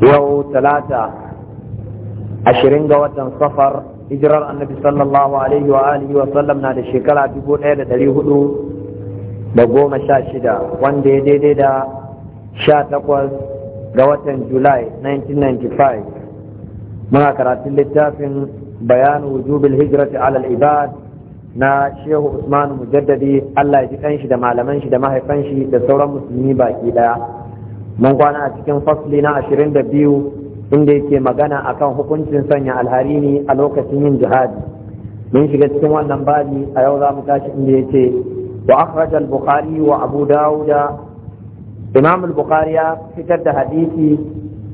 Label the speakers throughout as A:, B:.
A: yau talata ashirin ga watan safar hijirar annabi sallallahu alaihi wa alihi wa sallam na da shekara dubu ɗaya da ɗari hudu da goma sha shida wanda ya daidai da sha takwas ga watan julai 1995 muna karatun littafin bayan wujubil hijrati alal ibad na shehu usman mujaddadi allah ya ji kanshi da malaman shi da mahaifan shi da sauran musulmi baki ɗaya mun kwana a cikin fasli na ashirin da biyu inda yake magana akan hukuncin sanya alharini a lokacin yin jihadi mun shiga cikin wannan babi a yau za mu tashi inda yake wa akhraj al-bukhari wa abu dawud imam al-bukhari ya fitar da hadisi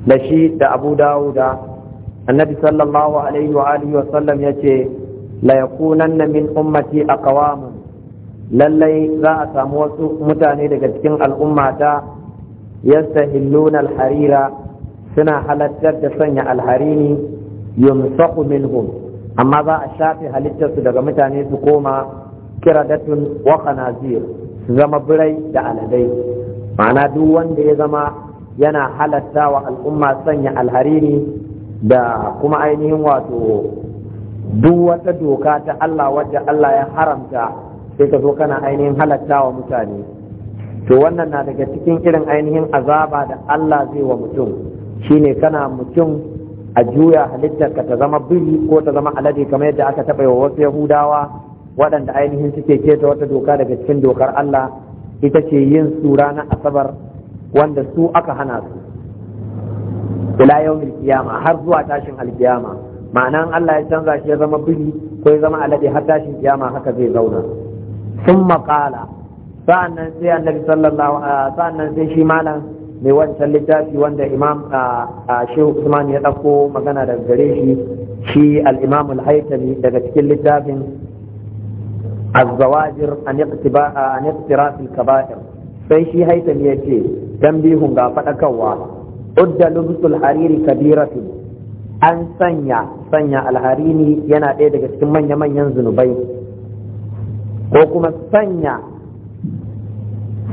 A: da shi da abu dawud annabi sallallahu alaihi wa alihi wa sallam yace la yakunanna min ummati aqwamun lallai za a samu wasu mutane daga cikin al'ummata yastahilluna harira suna halartar da sanya alharini yumsahu minhum amma za a shafe halittarsu daga mutane su koma kiradatun wa khanazir su zama birai da aladai ma'ana duk wanda ya zama yana halatta wa al'umma sanya alharini da kuma ainihin wato duk wata doka ta Allah wadda Allah ya haramta sai ka zo kana ainihin halarta wa mutane to wannan na daga cikin irin ainihin azaba da Allah zai wa mutum shine kana mutum a juya halittarka ta zama biri ko ta zama alade kamar yadda aka taɓa wa wasu yahudawa waɗanda ainihin suke keta wata doka daga cikin dokar Allah ita ce yin sura na asabar wanda su aka hana su ila yau kiyama har zuwa tashin alkiyama ma'anan Allah ya canza shi ya zama biri ko ya zama alade har tashin kiyama haka zai zauna sun maƙala sa'annan sai annabi sallallahu alaihi sa'annan sai shi malam mai wancan littafi wanda imam a shehu usman ya dauko magana daga gare shi shi al-imam al-haytami daga cikin littafin az-zawajir an an iqtiraf al-kaba'ir sai shi haytami ya ce tambihun ga fadakarwa udda lubsul hariri Kabiratu an sanya sanya Al-Harini yana ɗaya daga cikin manya-manyan zunubai ko kuma sanya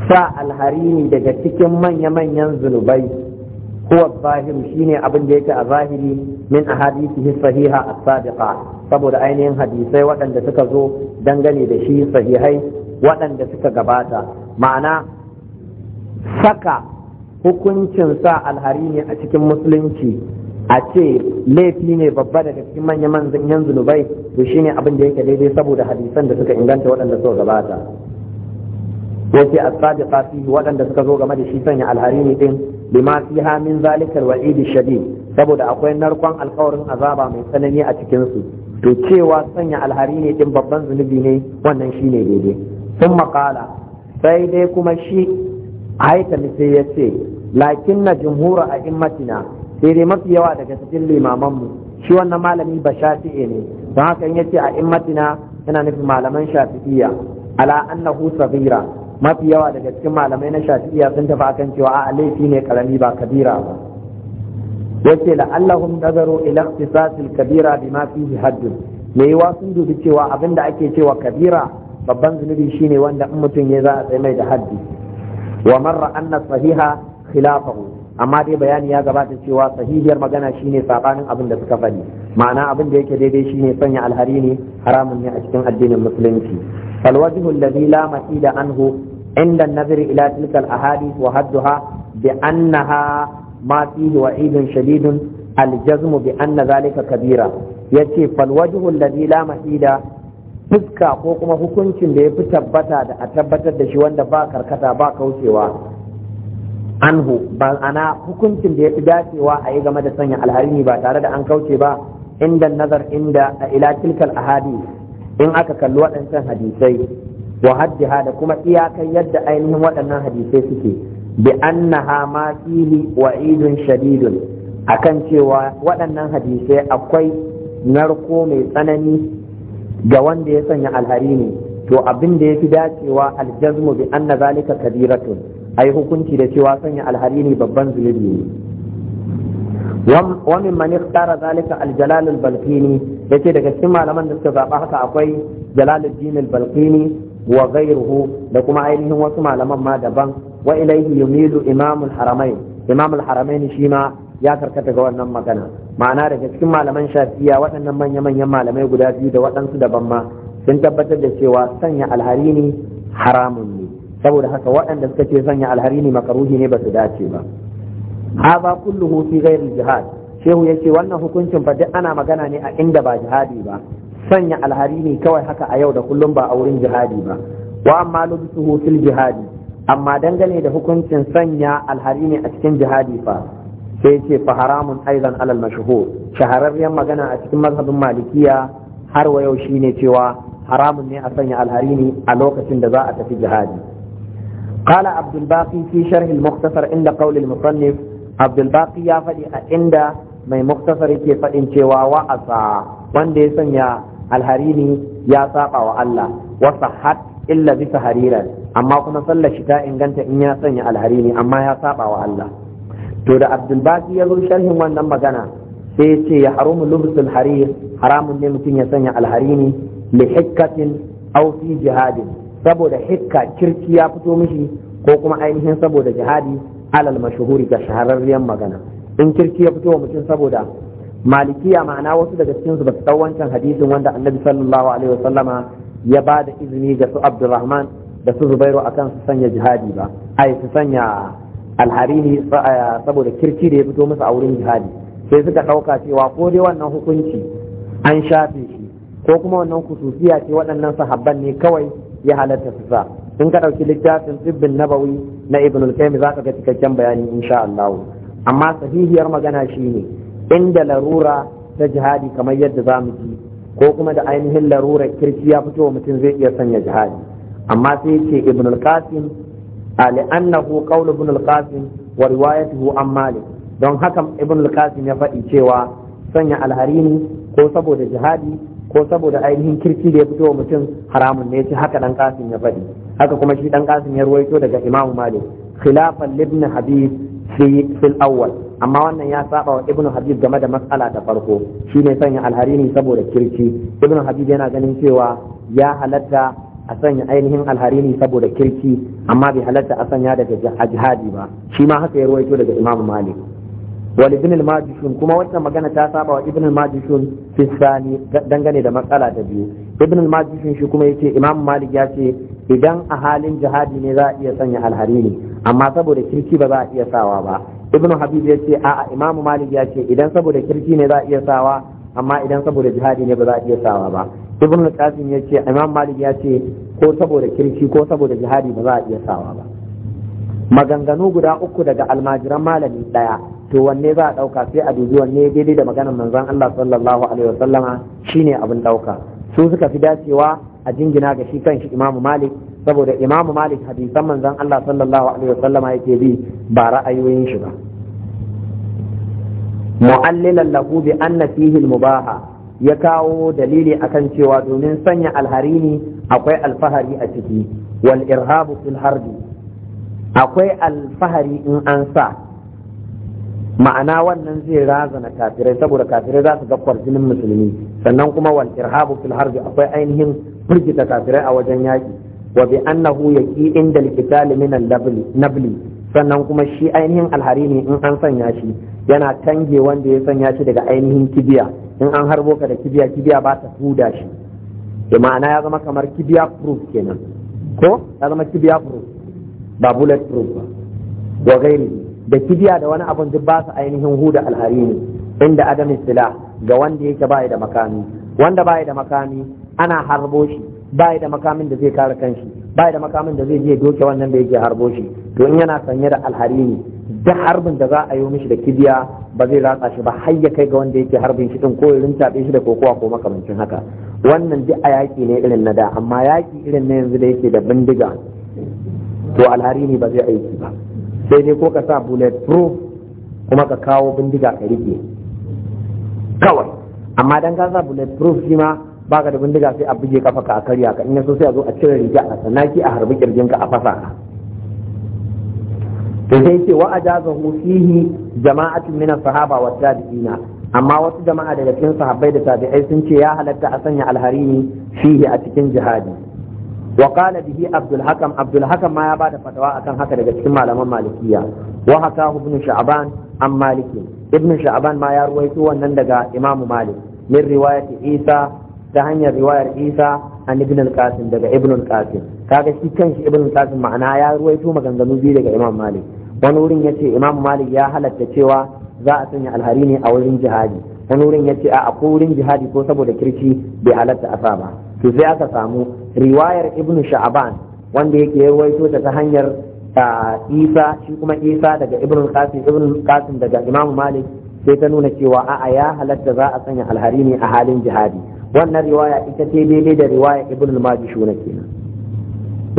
A: sa alharini daga cikin manya-manyan zunubai ko zahir shine abin da yake a zahiri min a hadisi sahiha as-sadiqa saboda ainihin hadisai waɗanda suka zo dangane da shi sahihai waɗanda suka gabata ma'ana saka hukuncin sa alharini a cikin musulunci a ce laifi ne babba daga cikin manya manyan zunubai to shine abin da yake daidai saboda hadisan da suka inganta waɗanda suka gabata wace as-sadiqa waɗanda suka zo game da shi sanya alharini din Limasi, fiha min zalikal wa'id shadid saboda akwai narkon alkawarin azaba mai tsanani a cikin su to cewa sanya alharini din babban zunubi ne wannan shine daidai sun maƙala sai dai kuma shi haita sai ya ce lakin na jumhura a sai dai mafi yawa daga cikin limaman mu. shi wannan malami ba ne don haka in yace a immatina yana nufin malaman shafi'iyya ala annahu saghira mafi yawa daga cikin malamai na shafi'iyya sun tafi akan cewa a laifi ne karami ba kabira ba yace la'allahum nazaru ila ikhtisasil kabira bima fihi haddu. me yiwa sun dubi cewa abinda ake cewa kabira babban zunubi shine wanda in mutum ya za a tsaye mai da haddi wa marra anna sahiha khilafahu amma dai bayani ya gabata cewa sahihiyar magana shine sabanin abin da suka faɗi ma'ana abin da yake daidai shine sanya alhari ne haramun ne a cikin addinin musulunci falwajhu alladhi la da anhu عند النظر إلى تلك الأحاديث وحدها بأنها ما فيه وعيد شديد الجزم بأن ذلك كبيرة يتي فالوجه الذي لا محيدة fuska ko kuma hukuncin da ya fi tabbata da a tabbatar da shi wanda ba karkata ba kaucewa anhu ba ana hukuncin da ya fi dacewa a yi game da sanya alharini ba tare da an kauce ba inda nazar inda a ila tilkal ahadi in aka kalli waɗancan hadisai wa haddiha da kuma iyakan yadda ainihin waɗannan hadisai suke bi annaha ma fihi wa'idun shadidun kan cewa waɗannan hadisai akwai narko mai tsanani ga wanda ya sanya alharini, to abin da fi dacewa aljazmu bi anna zalika kabiratun ai hukunci da cewa sanya alharini babban zunubi ne ومن من اختار ذلك الجلال البلقيني yace daga cikin malaman da suka zaɓa haka akwai Jalaluddin al-Balqini wa da kuma ainihin wasu malaman ma daban wa ilaihi yumilu imamul haramain imamul haramain shi ma ya karkata ga wannan magana ma'ana daga cikin malaman shafiya waɗannan manya-manyan malamai guda biyu da waɗansu daban ma sun tabbatar da cewa sanya alhari ne haramun ne saboda haka waɗanda suka ce sanya alharini makaruhi ne ba dace ba haza kulluhu fi ghairi jihad shehu ya ce wannan hukuncin fa duk ana magana ne a inda ba jihadi ba sanya alhari ne kawai haka a yau da kullum ba a wurin jihadi ba wa amma lubsuhu fil jihadi amma dangane da hukuncin sanya alhari ne a cikin jihadi fa sai ce fa haramun aidan alal mashhur shahararriyar magana a cikin mazhabin malikiya har wa yau shine cewa haramun ne a sanya alhari ne a lokacin da za a tafi jihadi قال عبد الباقي في شرح المختصر عند قول المصنف عبد الباقي يا فدي عند ما مختصر كيف cewa wa'asa wanda ya sanya alharini ya saba wa Allah wa sahhat illa bi hariran amma kuma sallar shi ta inganta in ya sanya alharini amma ya saba wa Allah to da Abdul Baqi ya zo sharhin wannan magana sai ce ya haramu lubsul harir haramun ne mutum ya sanya alharini li hikkatin aw fi jihadin saboda hikka kirki ya fito mishi ko kuma ainihin saboda jihadi alal mashhuri ga shahararriyar magana in kirki ya fito wa mutum saboda malikiya ma'ana wasu daga cikin su ba su wancan hadisin wanda annabi sallallahu alaihi wasallama ya ba da izini ga su abdurrahman da su zubairu akan su sanya jihadi ba ai su sanya alharini eh, saboda kirki da ya fito musu a wurin jihadi sai suka ɗauka cewa ko dai wannan hukunci an shafe shi ko kuma wannan kususiya ce waɗannan sahabban ne kawai ya halatta su sa in ka ɗauki littafin tibbin nabawi na ibn al za ka ga cikakken bayani insha Allah amma sahihiyar magana shine inda larura ta jihadi kamar yadda za mu ji ko kuma da ainihin larura kirki ya fito wa mutum zai iya sanya jihadi amma sai ce ibn al-qasim annahu qawlu ibn al-qasim wa riwayatuhu an malik don haka ibn al-qasim ya faɗi cewa sanya alharini ko saboda jihadi ko saboda ainihin kirki da ya fito wa mutum haramun ne shi haka dan qasim ya faɗi haka kuma shi dan qasim ya ruwaito daga imamu malik khilafan ibn habib fi fil awwal amma wannan ya saba wa ibnu habib game da matsala ta farko Shi ne sanya alharini saboda kirki ibnu habib yana ganin cewa ya halatta a sanya ainihin alharini saboda kirki amma bai halatta a sanya daga jihadi ba shi ma haka ya ruwaito daga imam malik wal ibn al majishun kuma wannan magana ta saba wa ibn al majishun fi dangane da matsala ta biyu ibn al majishun shi kuma yace imam malik ya ce idan a halin jihadi ne za a iya sanya alharini amma saboda kirki ba za a iya sawa ba ibnu habib ya ce a'a imam malik ya ce idan saboda kirki ne za a iya sawa amma idan saboda jihadi ne ba za a iya sawa ba ibnu qasim ya ce imam malik ya ce ko saboda kirki ko saboda jihadi ba za a iya sawa ba maganganu guda uku daga almajiran malami daya to wanne za a dauka sai a dubi wanne daidai da maganar manzon Allah sallallahu alaihi wasallama shine abin dauka su suka fi dacewa a jingina ga shi kanshi imam malik saboda imamu malik hadisan manzon Allah sallallahu alaihi wasallam yake bi ba ra'ayoyin shi ba mu'allilan lahu bi anna fihi al-mubaha ya kawo dalili akan cewa domin sanya alharini akwai alfahari a ciki wal irhabu fil akwai alfahari in an sa ma'ana wannan zai razana kafirai saboda kafirai za su ga kwarjinin musulmi sannan kuma wal irhabu fil akwai ainihin firgita kafirai a wajen yaki wa bi annahu yaqi inda al min al-nabli sannan kuma shi ainihin alharini in an sanya shi yana tange wanda ya sanya shi daga ainihin kibiya in an harbo ka da kibiya kibiya ba ta huda shi da ma'ana ya zama kamar kibiya proof kenan ko ya zama kibiya proof ba bullet proof ba wa gairi da kibiya da wani abun duk ba su ainihin huda alharini inda adam sila ga wanda yake bai da makami wanda bai da makami ana harbo shi bai da makamin da zai kare kanshi bai da makamin da zai je doke wannan da yake harbo shi to in yana sanye da alharini da harbin da za a yi mishi da kibiya ba zai ratsa shi ba har ya kai ga wanda yake harbin shi din ko ya rintabe shi da kokowa ko makamancin haka wannan duk a yaki ne irin na da amma yaki irin na yanzu da yake da bindiga to alharini ba zai aiki ba sai dai ko ka sa bullet proof kuma ka kawo bindiga ka rike kawai amma dan ka sa bullet proof shi ma baka da bindiga sai a buge kafa ka a karya ka in yaso sai a zo a cire riga a sanaki a harbi kirjin ka a fasa ka to sai ce wa ajazahu fihi jama'atun min as-sahaba wa tabi'ina amma wasu jama'a daga cikin sahabbai da tabi'ai sun ce ya halatta a sanya alharini fihi a cikin jihadi wa qala bihi abdul hakam abdul hakam ma ya bada fatawa akan haka daga cikin malaman malikiya wa haka ibn sha'ban an maliki ibn sha'ban ma ya ruwaito wannan daga imamu malik min riwayati isa ta hanyar riwayar isa an ibn al-qasim daga ibn al-qasim kaga shi kanshi ibn al-qasim ma'ana ya ruwaito maganganu biyu daga imam malik wani wurin yace imam malik ya halatta cewa za a sanya alhari ne a wurin jihadi wani wurin yace a ko wurin jihadi ko saboda kirki bai halatta a sa ba to sai aka samu riwayar ibn sha'ban wanda yake ruwaito ta ta hanyar isa shi kuma isa daga ibn al-qasim ibn al-qasim daga imam malik sai ta nuna cewa a'a ya halatta za a sanya alhari ne a halin jihadi wannan riwaya ita ce daidai da riwaya ibn al-majishuna kenan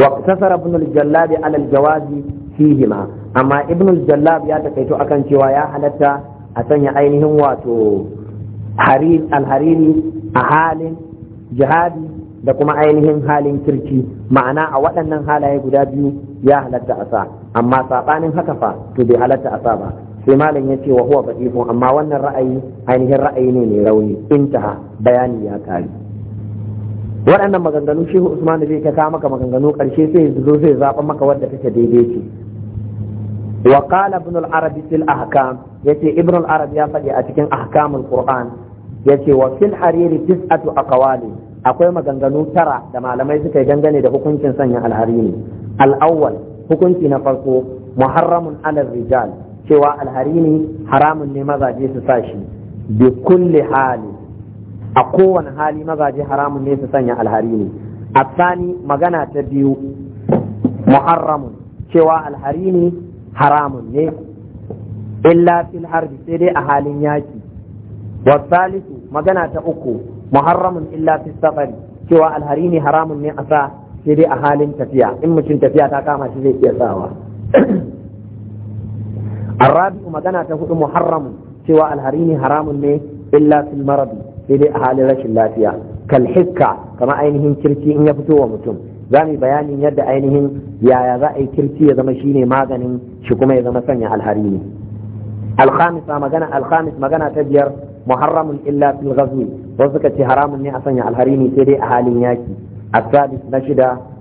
A: wa tasara ibn al-jallabi ala al-jawazi fihi ma amma ibn al-jallab ya takaito akan cewa ya halatta a sanya ainihin wato harir al-hariri a halin jihadi da kuma ainihin halin kirki ma'ana a waɗannan halaye guda biyu ya halatta a sa amma saɓanin haka fa to bai halatta a sa ba sai malam ya ce wa huwa badihun amma wannan ra'ayi ainihin ra'ayi ne mai rauni intaha bayani ya kare waɗannan maganganu shehu usman zai ka kawo maka maganganu ƙarshe sai zo zai zaɓa maka wadda take daidai ce wa qala ibn al-arab fil ahkam yace ibn al-arab ya faɗi a cikin ahkamul qur'an yace wa fil hariri tis'atu aqwali akwai maganganu tara da malamai suka yi dangane da hukuncin sanya al-hariri al-awwal hukunci na farko muharramun ala rijal cewa alharini haramun ne mazaje su sa shi
B: bi kulli
A: hali a kowane hali mazaje haramun ne su sanya alharini asani magana ta biyu muharramun cewa alharini haramun ne illa fil harbi sai dai a halin yaki Salisu magana ta uku muharramun illa fil safari cewa alharini haramun ne a sa sai dai a halin tafiya in mutum tafiya ta kama shi zai iya sawa arabi magana ta hudu muharram cewa alharini haramun ne illa fil maradi sai dai a halin rashin lafiya kal hikka kama ainihin kirki in ya fito wa mutum za mu bayanin yadda ainihin yaya za a yi kirki ya zama shine maganin shi kuma ya zama sanya alharini alkhamisa magana alkhamis magana ta biyar muharramun illa fil ghazwi wasu suka haramun ne a sanya alharini sai dai a halin yaki السادس نشد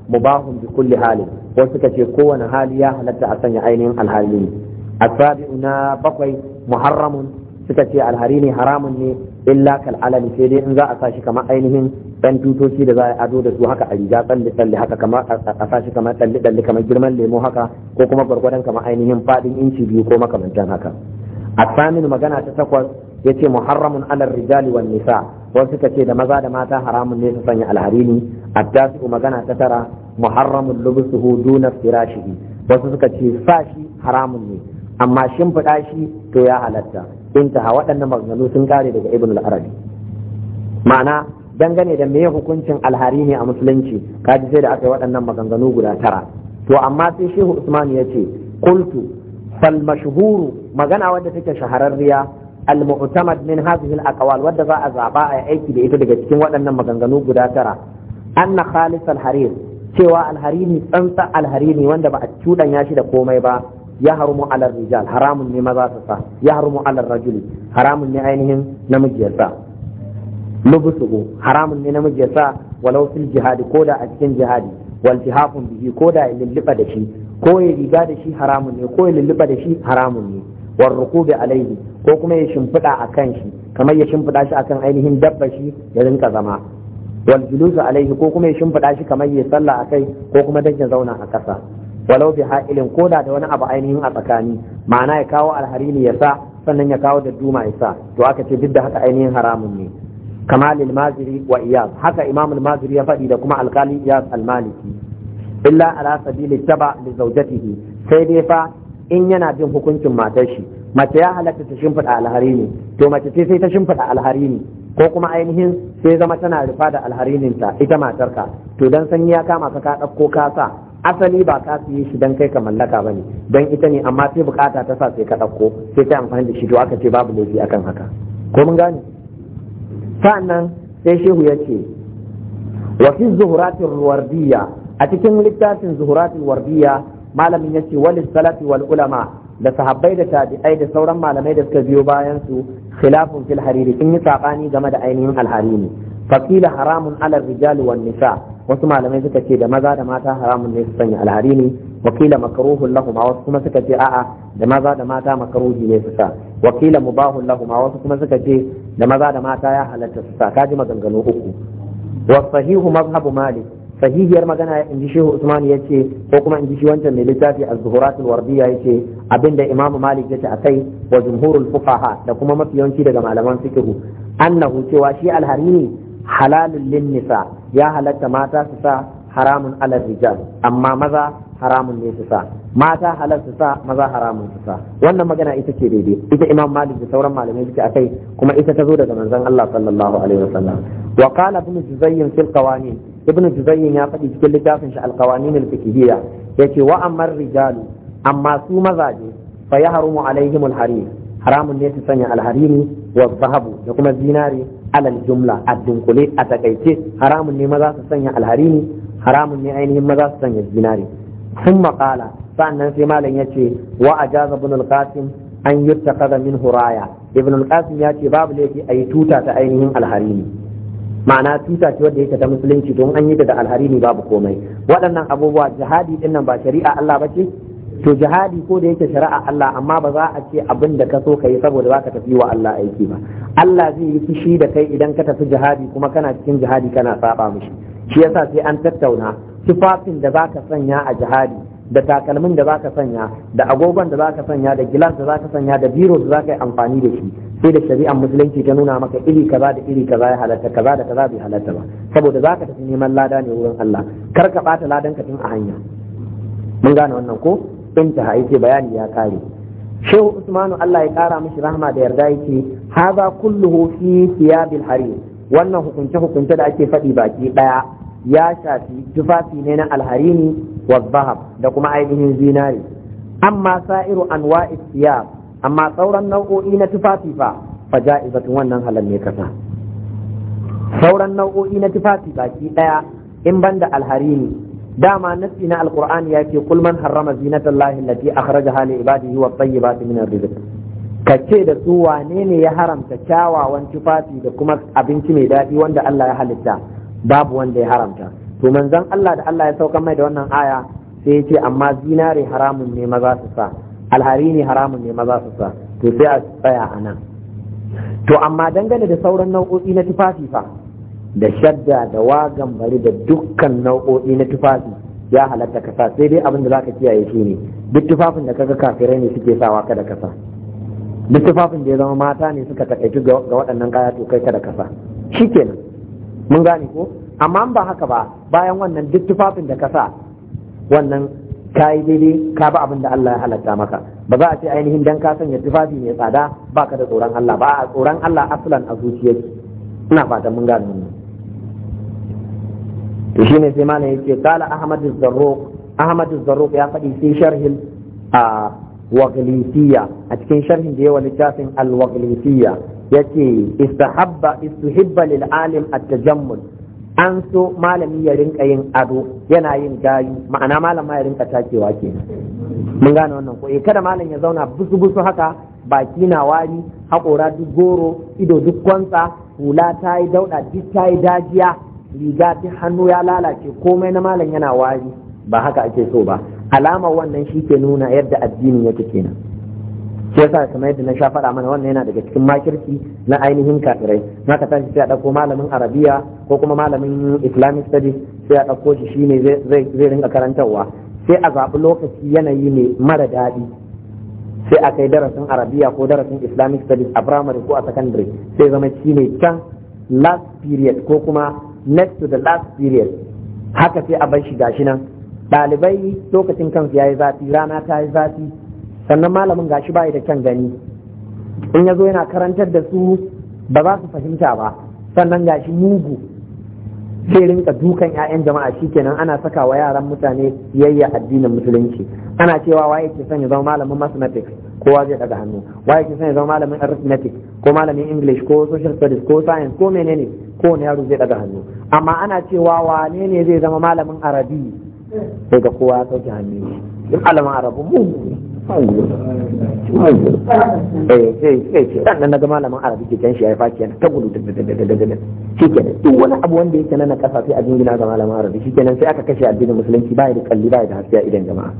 A: مباح بكل حال wasu suka ce kowane hali ya halatta a sanya ainihin alhali asabi'u na bakwai muharramun suka ce alhari ne haramun ne illa kal alali sai dai in za a sashi kamar ɗan dan da za ado da su haka a riga tsalle tsalle haka kamar a sashi kamar girman lemu haka ko kuma gwargwadon kamar ainihin fadin inci biyu ko makamantan haka asamin magana ta takwas ce muharramun alal rijali wan nisa wasu suka ce da maza da mata haramun ne su sanya alharini attasu magana ta tara muharramun lubusuhu duna firashihi wasu suka ce sashi haramun ne amma shimfiɗa shi to ya halatta intaha waɗannan maganganu sun kare daga ibn al-arabi ma'ana dangane da me hukuncin alhari ne a musulunci kaji sai da aka yi waɗannan maganganu guda tara to amma sai shehu usman ya ce qultu fal mashhuru magana wadda take shahararriya al mu'tamad min hadhihi al aqwal wadda za a zaba a aiki da ita daga cikin waɗannan maganganu guda tara anna khalis al harir cewa alharini tsantsa harini wanda ba a cuɗanya shi da komai ba ya harumu ala rijal haramun ne maza su sa ya harumu ala rajuli haramun ne ainihin namiji ya sa lubusuhu haramun ne namiji ya sa walau jihadi ko da a cikin jihadi wal jihafun bihi ko da ya lulluɓa da shi ko ya riga da shi haramun ne ko ya lulluɓa da shi haramun ne war rukubi alaihi ko kuma ya shimfiɗa a kan shi kamar ya shimfiɗa shi akan ainihin dabba shi ya rinka zama wal julusu alaihi ko kuma ya shimfiɗa shi kamar ya sallah a kai, ko kuma dan ya zauna a ƙasa walau bi ha'ilin ko da wani abu ainihin a tsakani ma'ana ya kawo alharini ya sa sannan ya kawo da duma ya sa to aka ce duk da haka ainihin haramun ne kamalil maziri wa Iyaz, haka imamul maziri ya faɗi da kuma alkali iyas almaliki illa ala sabili taba li zawjatihi sai dai fa in yana jin hukuncin matar shi mace ya halatta ta shimfiɗa alharini to mace ce sai ta shimfiɗa alharini ko kuma ainihin sai zama tana rufa da ta ita matarka to dan sanyi ya kama ka ka ɗauko ka sa asali ba ka shi dan kai ka mallaka ba ne dan ita ne amma sai bukata ta sa sai ka ɗauko sai ta amfani da shi to aka ce babu laifi akan haka ko mun gane sa'annan sai shehu ya ce wa fi zuhuratin wardiya a cikin littafin zuhuratin wardiya malamin ya ce walis salati wal ulama da sahabbai da tabi'ai da sauran malamai da suka biyo bayan su khilafun fil hariri in yi sabani game da ainihin alharimi fakila haramun ala rijali wan nisa wasu malamai suka ce da maza da mata haramun ne su sanya alharini wakila makaruhun lahum a wasu kuma suka ce a'a da maza da mata makaruhi ne su sa wakila mubahun lahum wasu kuma suka ce da maza da mata ya halatta su sa kaji maganganu uku wa sahihu mazhabu malik sahihiyar magana ya inji shehu usman ya ce ko kuma inji shi wancan mai littafi a zuhuratul wardiya ya ce abinda imamu malik ya ce kai wa jumhurul fuqaha da kuma mafi yawanci daga malaman fiqhu annahu cewa shi alharini halalun lin nisa ya halatta mata su sa haramun alal rijal amma maza haramun ne su sa mata halal su sa maza haramun su sa wannan magana ita ce daidai ita imam malik da sauran malamai suke akai kuma ita ta zo daga manzon Allah sallallahu alaihi wasallam wa qala ibn juzayyin fil qawanin ibn juzayyin ya faɗi cikin littafin shi al qawanin al fiqhiyya yace wa amar rijal amma su mazaje fa yahrumu alaihim al harim haramun ne su sanya al harimi wa zahabu da kuma zinari alal jumla a dunkule a takaice haramun ne maza su sanya alharini haramun ne ainihin maza su sanya zinari sun maƙala sannan sai malam ya ce wa a jaza ibn al-qasim an min huraya ibn al ya ce babu laifi a yi tuta ta ainihin alharini ma'ana tuta ce wadda yake ta musulunci don an yi da alharini babu komai waɗannan abubuwa jihadi ɗin nan ba shari'a Allah ba ce to jihadi ko da yake shari'a Allah amma ba za a ce abin da ka so ka yi saboda ba ka tafi wa Allah aiki ba Allah zai yi fushi da kai idan ka tafi jihadi kuma kana cikin jihadi kana saba mishi shi yasa sai an tattauna tufafin da za ka sanya a jihadi da takalmin da zaka sanya da agogon da zaka sanya da gilas da zaka sanya da biro da zaka yi amfani da shi sai da shari'ar musulunci ta nuna maka iri kaza da iri kaza ya halatta kaza da kaza bai halatta ba saboda zaka tafi neman lada ne wurin Allah kar ka bata ladan ka tun a hanya mun gane wannan ko intaha yake bayani ya kare shehu usmanu Allah ya kara mashi rahma da yarda yake haza kulluhu fi thiyabil harir wannan hukunce hukunce da ake faɗi baki daya ya shafi tufafi ne na alharini wa zahab da kuma ainihin zinari amma sa'iru anwa'i thiyab amma sauran nau'o'i na tufafi fa fa ja'izatun wannan halal ne kasa sauran nau'o'i na tufafi baki daya in banda alharini dama naski na Alkur'ani ya ke kulman man harrama zinatallahi allati a li hali ibada tayyibati min rizq ka ce da su wane ne ya haramta kyawawan tufafi da kuma abinci mai daɗi wanda Allah ya halitta babu wanda ya haramta to manzon Allah da Allah ya sauka mai da wannan aya sai ya ce amma zinare haramun ne maza su sa alhari ne haramun ne maza su sa to sai a tsaya a nan to amma dangane da sauran nau'o'i na tufafi fa da shadda da wagan bari da dukkan nau'o'i na tufafi ya halatta kasa sai dai abin da ka kiyaye shi ne duk tufafin da kaga kafirai ne suke sawa ka da kasa duk tufafin da ya zama mata ne suka takaitu ga waɗannan kaya to kai ka da kasa shikenan mun gane ko amma ba haka ba bayan wannan duk tufafin da kasa wannan ka yi daidai ka ba abin da Allah ya halatta maka ba za a ce ainihin dan ka sanya tufafi mai tsada baka da tsoron Allah ba a tsoron Allah aslan a zuciyarki ina fatan mun gane wannan shi ne sai mana yake kala ahmad zarruq ahmad zarruq ya faɗi sai sharhin a waglisiya a cikin sharhin da yawa littafin al-waglisiya yace istahabba istuhibba lil alim at-tajammul an so malami ya rinka yin ado yana yin gayu ma'ana malama ya rinka takewa ke. mun gane wannan ko eh kada malam ya zauna busu busu haka baki na wari haƙora duk goro ido duk kwansa hula ta yi dauɗa duk ta yi dajiya riga ta hannu ya lalace komai na malam yana wari ba haka ake so ba alamar wannan shi ke nuna yadda addini yake kenan shi yasa kuma yadda na sha faɗa mana wannan yana daga cikin makirci na ainihin kafirai na ka tashi sai a ɗauko malamin arabiya ko kuma malamin islamic studies sai a ɗauko shi shine zai rinka karantarwa sai a zaɓi lokaci yanayi ne mara daɗi sai a kai darasin arabiya ko darasin islamic studies a primary ko a secondary sai zama shine can last period ko kuma next to the last period haka sai a bar shi gashi nan ɗalibai lokacin kansu ya yi zafi rana ta yi zafi sannan malamin gashi bayi da kyan gani in ya zo yana karantar da su ba za su fahimta ba sannan gashi mugu sai rinka dukan 'ya'yan jama'a shi kenan ana saka wa yaran mutane yayya addinin musulunci ana cewa wa ke son ya zama malamin mathematics kowa zai daga hannu wa ke son ya zama malamin arithmetic ko malamin english ko social studies ko science ko menene kowane yaro zai daga hannu amma ana cewa wane ne zai zama malamin arabi sai ga kowa ya sauke hannu duk malamin arabu mu eh sai sai ce dan nan ga malamin arabi ke kan shi ya faki yana ta gudu da da da da da
B: shikenan duk wani
A: abu wanda yake nan na kasa sai a jingina ga malamin arabi shikenan sai aka kashe addinin musulunci bai da kalli bai da haskiya idan jama'a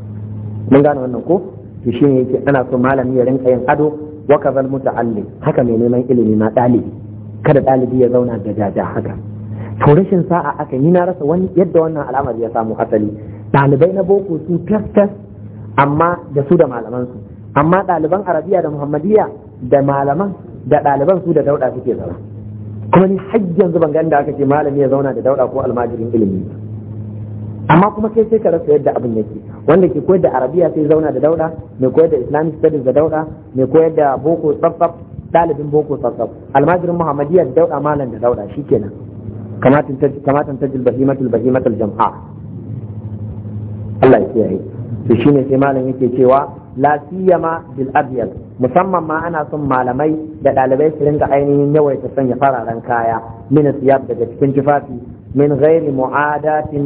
A: mun gane wannan ko to shine yake ana so malami ya rinka yin ado wa kazal muta'allim haka mai neman ilimi na dalibi kada ɗalibi ya zauna gajaja haka to rashin sa'a aka yi na rasa yadda wannan al'amari ya samu asali ɗalibai na boko su tas amma da su da malamansu amma ɗaliban arabiya da muhammadiyya da malaman da ɗaliban su da dauɗa suke zama kuma ni har yanzu ban ganin da aka ce malami ya zauna da dauɗa ko almajirin ilimi amma kuma kai sai ka rasa yadda abin yake wanda ke koyar da arabiya sai zauna da dauɗa mai koyar da islamic studies da dauɗa mai koyar da boko tsaf ɗalibin boko sassaf almajirin muhammadiyya da Dauda, malam da dauɗa shikenan kamatan tajil bahimatul bahimatul jam'a Allah ya kiyaye to shine sai malam yake cewa la siyama bil abyad musamman ma ana son malamai da ɗalibai su rinka ainihin yawaita sanya fararen kaya min siyab daga cikin tufafi min ghairi mu'adatin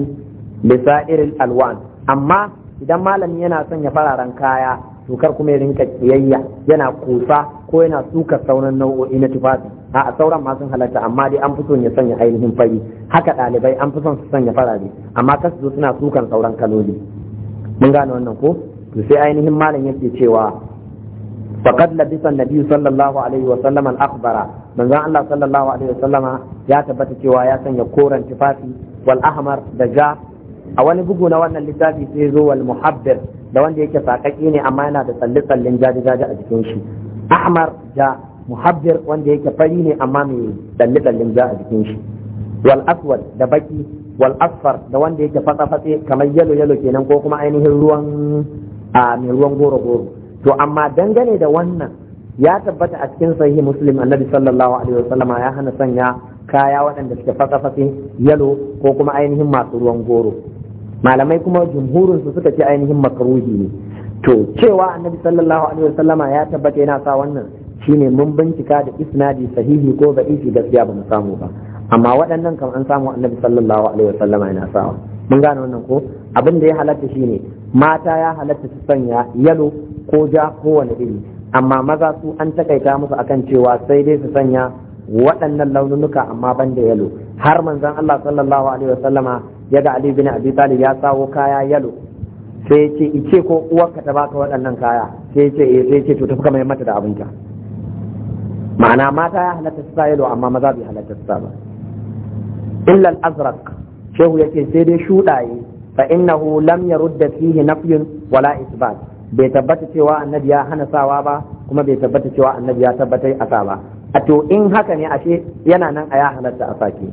A: li sa'iril alwan amma idan malami yana sanya fararen kaya to kar kuma ya rinka kiyayya yana kusa ko yana suka sauran nau'o'i na tufafi a sauran ma sun halatta amma dai an fi son ya sanya ainihin fari haka ɗalibai an fi son su sanya farare amma kasu suna sukan sauran kaloli mun gane wannan ko to sai ainihin malam yake cewa faqad labisa nabi sallallahu alaihi wa sallam al akhbara manzon Allah sallallahu alaihi wa sallama ya tabbata cewa ya sanya koren tufafi wal ahmar da ja a wani bugu na wannan littafi sai zo wal muhabbir da wanda yake sakaki ne amma yana da tsalle-tsallen jaji-jaji a jikin shi ahmar da muhabbir wanda yake fari ne amma mai dalle dallen ja a jikin shi wal aswad da baki wal asfar da wanda yake fatsa fatse kamar yalo yalo kenan ko kuma ainihin ruwan a mai ruwan goro goro to amma dangane da wannan ya tabbata a cikin sahihi muslim annabi sallallahu alaihi wasallam ya hana sanya kaya waɗanda suke fatsa fase yalo ko kuma ainihin masu ruwan goro malamai kuma jumhurin su suka ce ainihin makaruhi ne to cewa annabi sallallahu alaihi wasallama ya tabbata yana sa wannan shine mun bincika da isnadi sahihi ko da'ifi gaskiya ba mu samu ba amma waɗannan kam an samu annabi sallallahu alaihi wasallama yana sawa mun gane wannan ko abin da ya halatta shine mata ya halatta su sanya yalo ko ja ko wani iri amma maza su an takaita musu akan cewa sai dai su sanya waɗannan laununuka amma ban da yalo har manzon Allah sallallahu alaihi wasallama ya ga Ali bin Abi Talib ya sawo kaya yalo sai ya ce ice ko uwarka ta baka waɗannan kaya sai ya ce eh sai ya ce to tafi kamar mata da abinta ma'ana mata ya halatta su sa yalo amma maza bai halatta su sa ba illa al-azraq shehu yake sai dai shudaye fa innahu lam yarudda fihi nafyun wala isbat bai tabbata cewa annabi ya hana sawa ba kuma bai tabbata cewa annabi ya tabbatai a sa ba a to in haka ne ashe yana nan a ya halatta a sake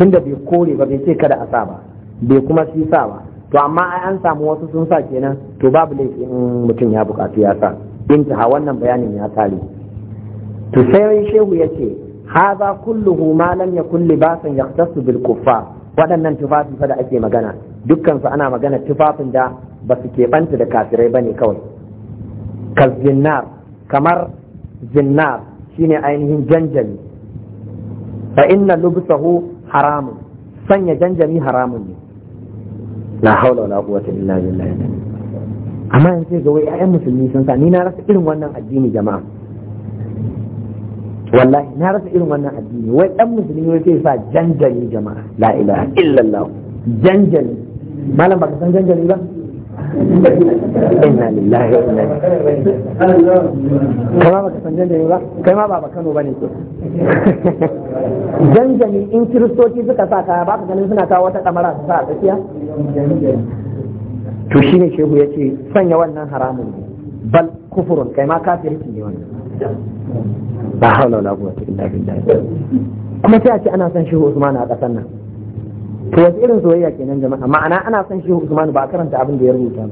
A: tunda bai kore ba bai ce kada a sa ba bai kuma shi sa ba to amma ai an samu wasu sun sa kenan to babu laifi in mutum ya bukatu ya sa ta wannan bayanin ya tare to sai shehu ya ce haza kulluhu ma lam yakun libasan yaqtasu bil waɗannan tufafi fa da ake magana dukkan su ana magana tufafin da ba su keɓanta da kafirai bane kawai ka zinnar kamar zinnar shine ainihin janjami fa inna lubsahu haramun sanya janjami haramun ne la haula wala quwwata illa billah amma yanzu ga wai ayyan musulmi sun sa ni na rasa irin wannan addini jama'a wallahi na rasa irin wannan addini wai dan musulmi wai sai sa janjali jama'a la ilaha allah janjali malam baka san janjali ba inna lillahi wa inna ilaihi kai ma san ba kai ma ba Kano bane ko janjani in kiristoci suka sa kaya ba su ganin suna kawo wata kamara su sa a tsakiya to shine shehu yace sanya wannan haramun bal kufurun kai ma kafirci ne wannan ba haula
B: wala quwwata illa billah
A: kuma sai a ce ana son shehu Usman a kasar nan to wasu irin soyayya kenan jama'a ma'ana ana son shehu usman ba a karanta abin da ya rubuta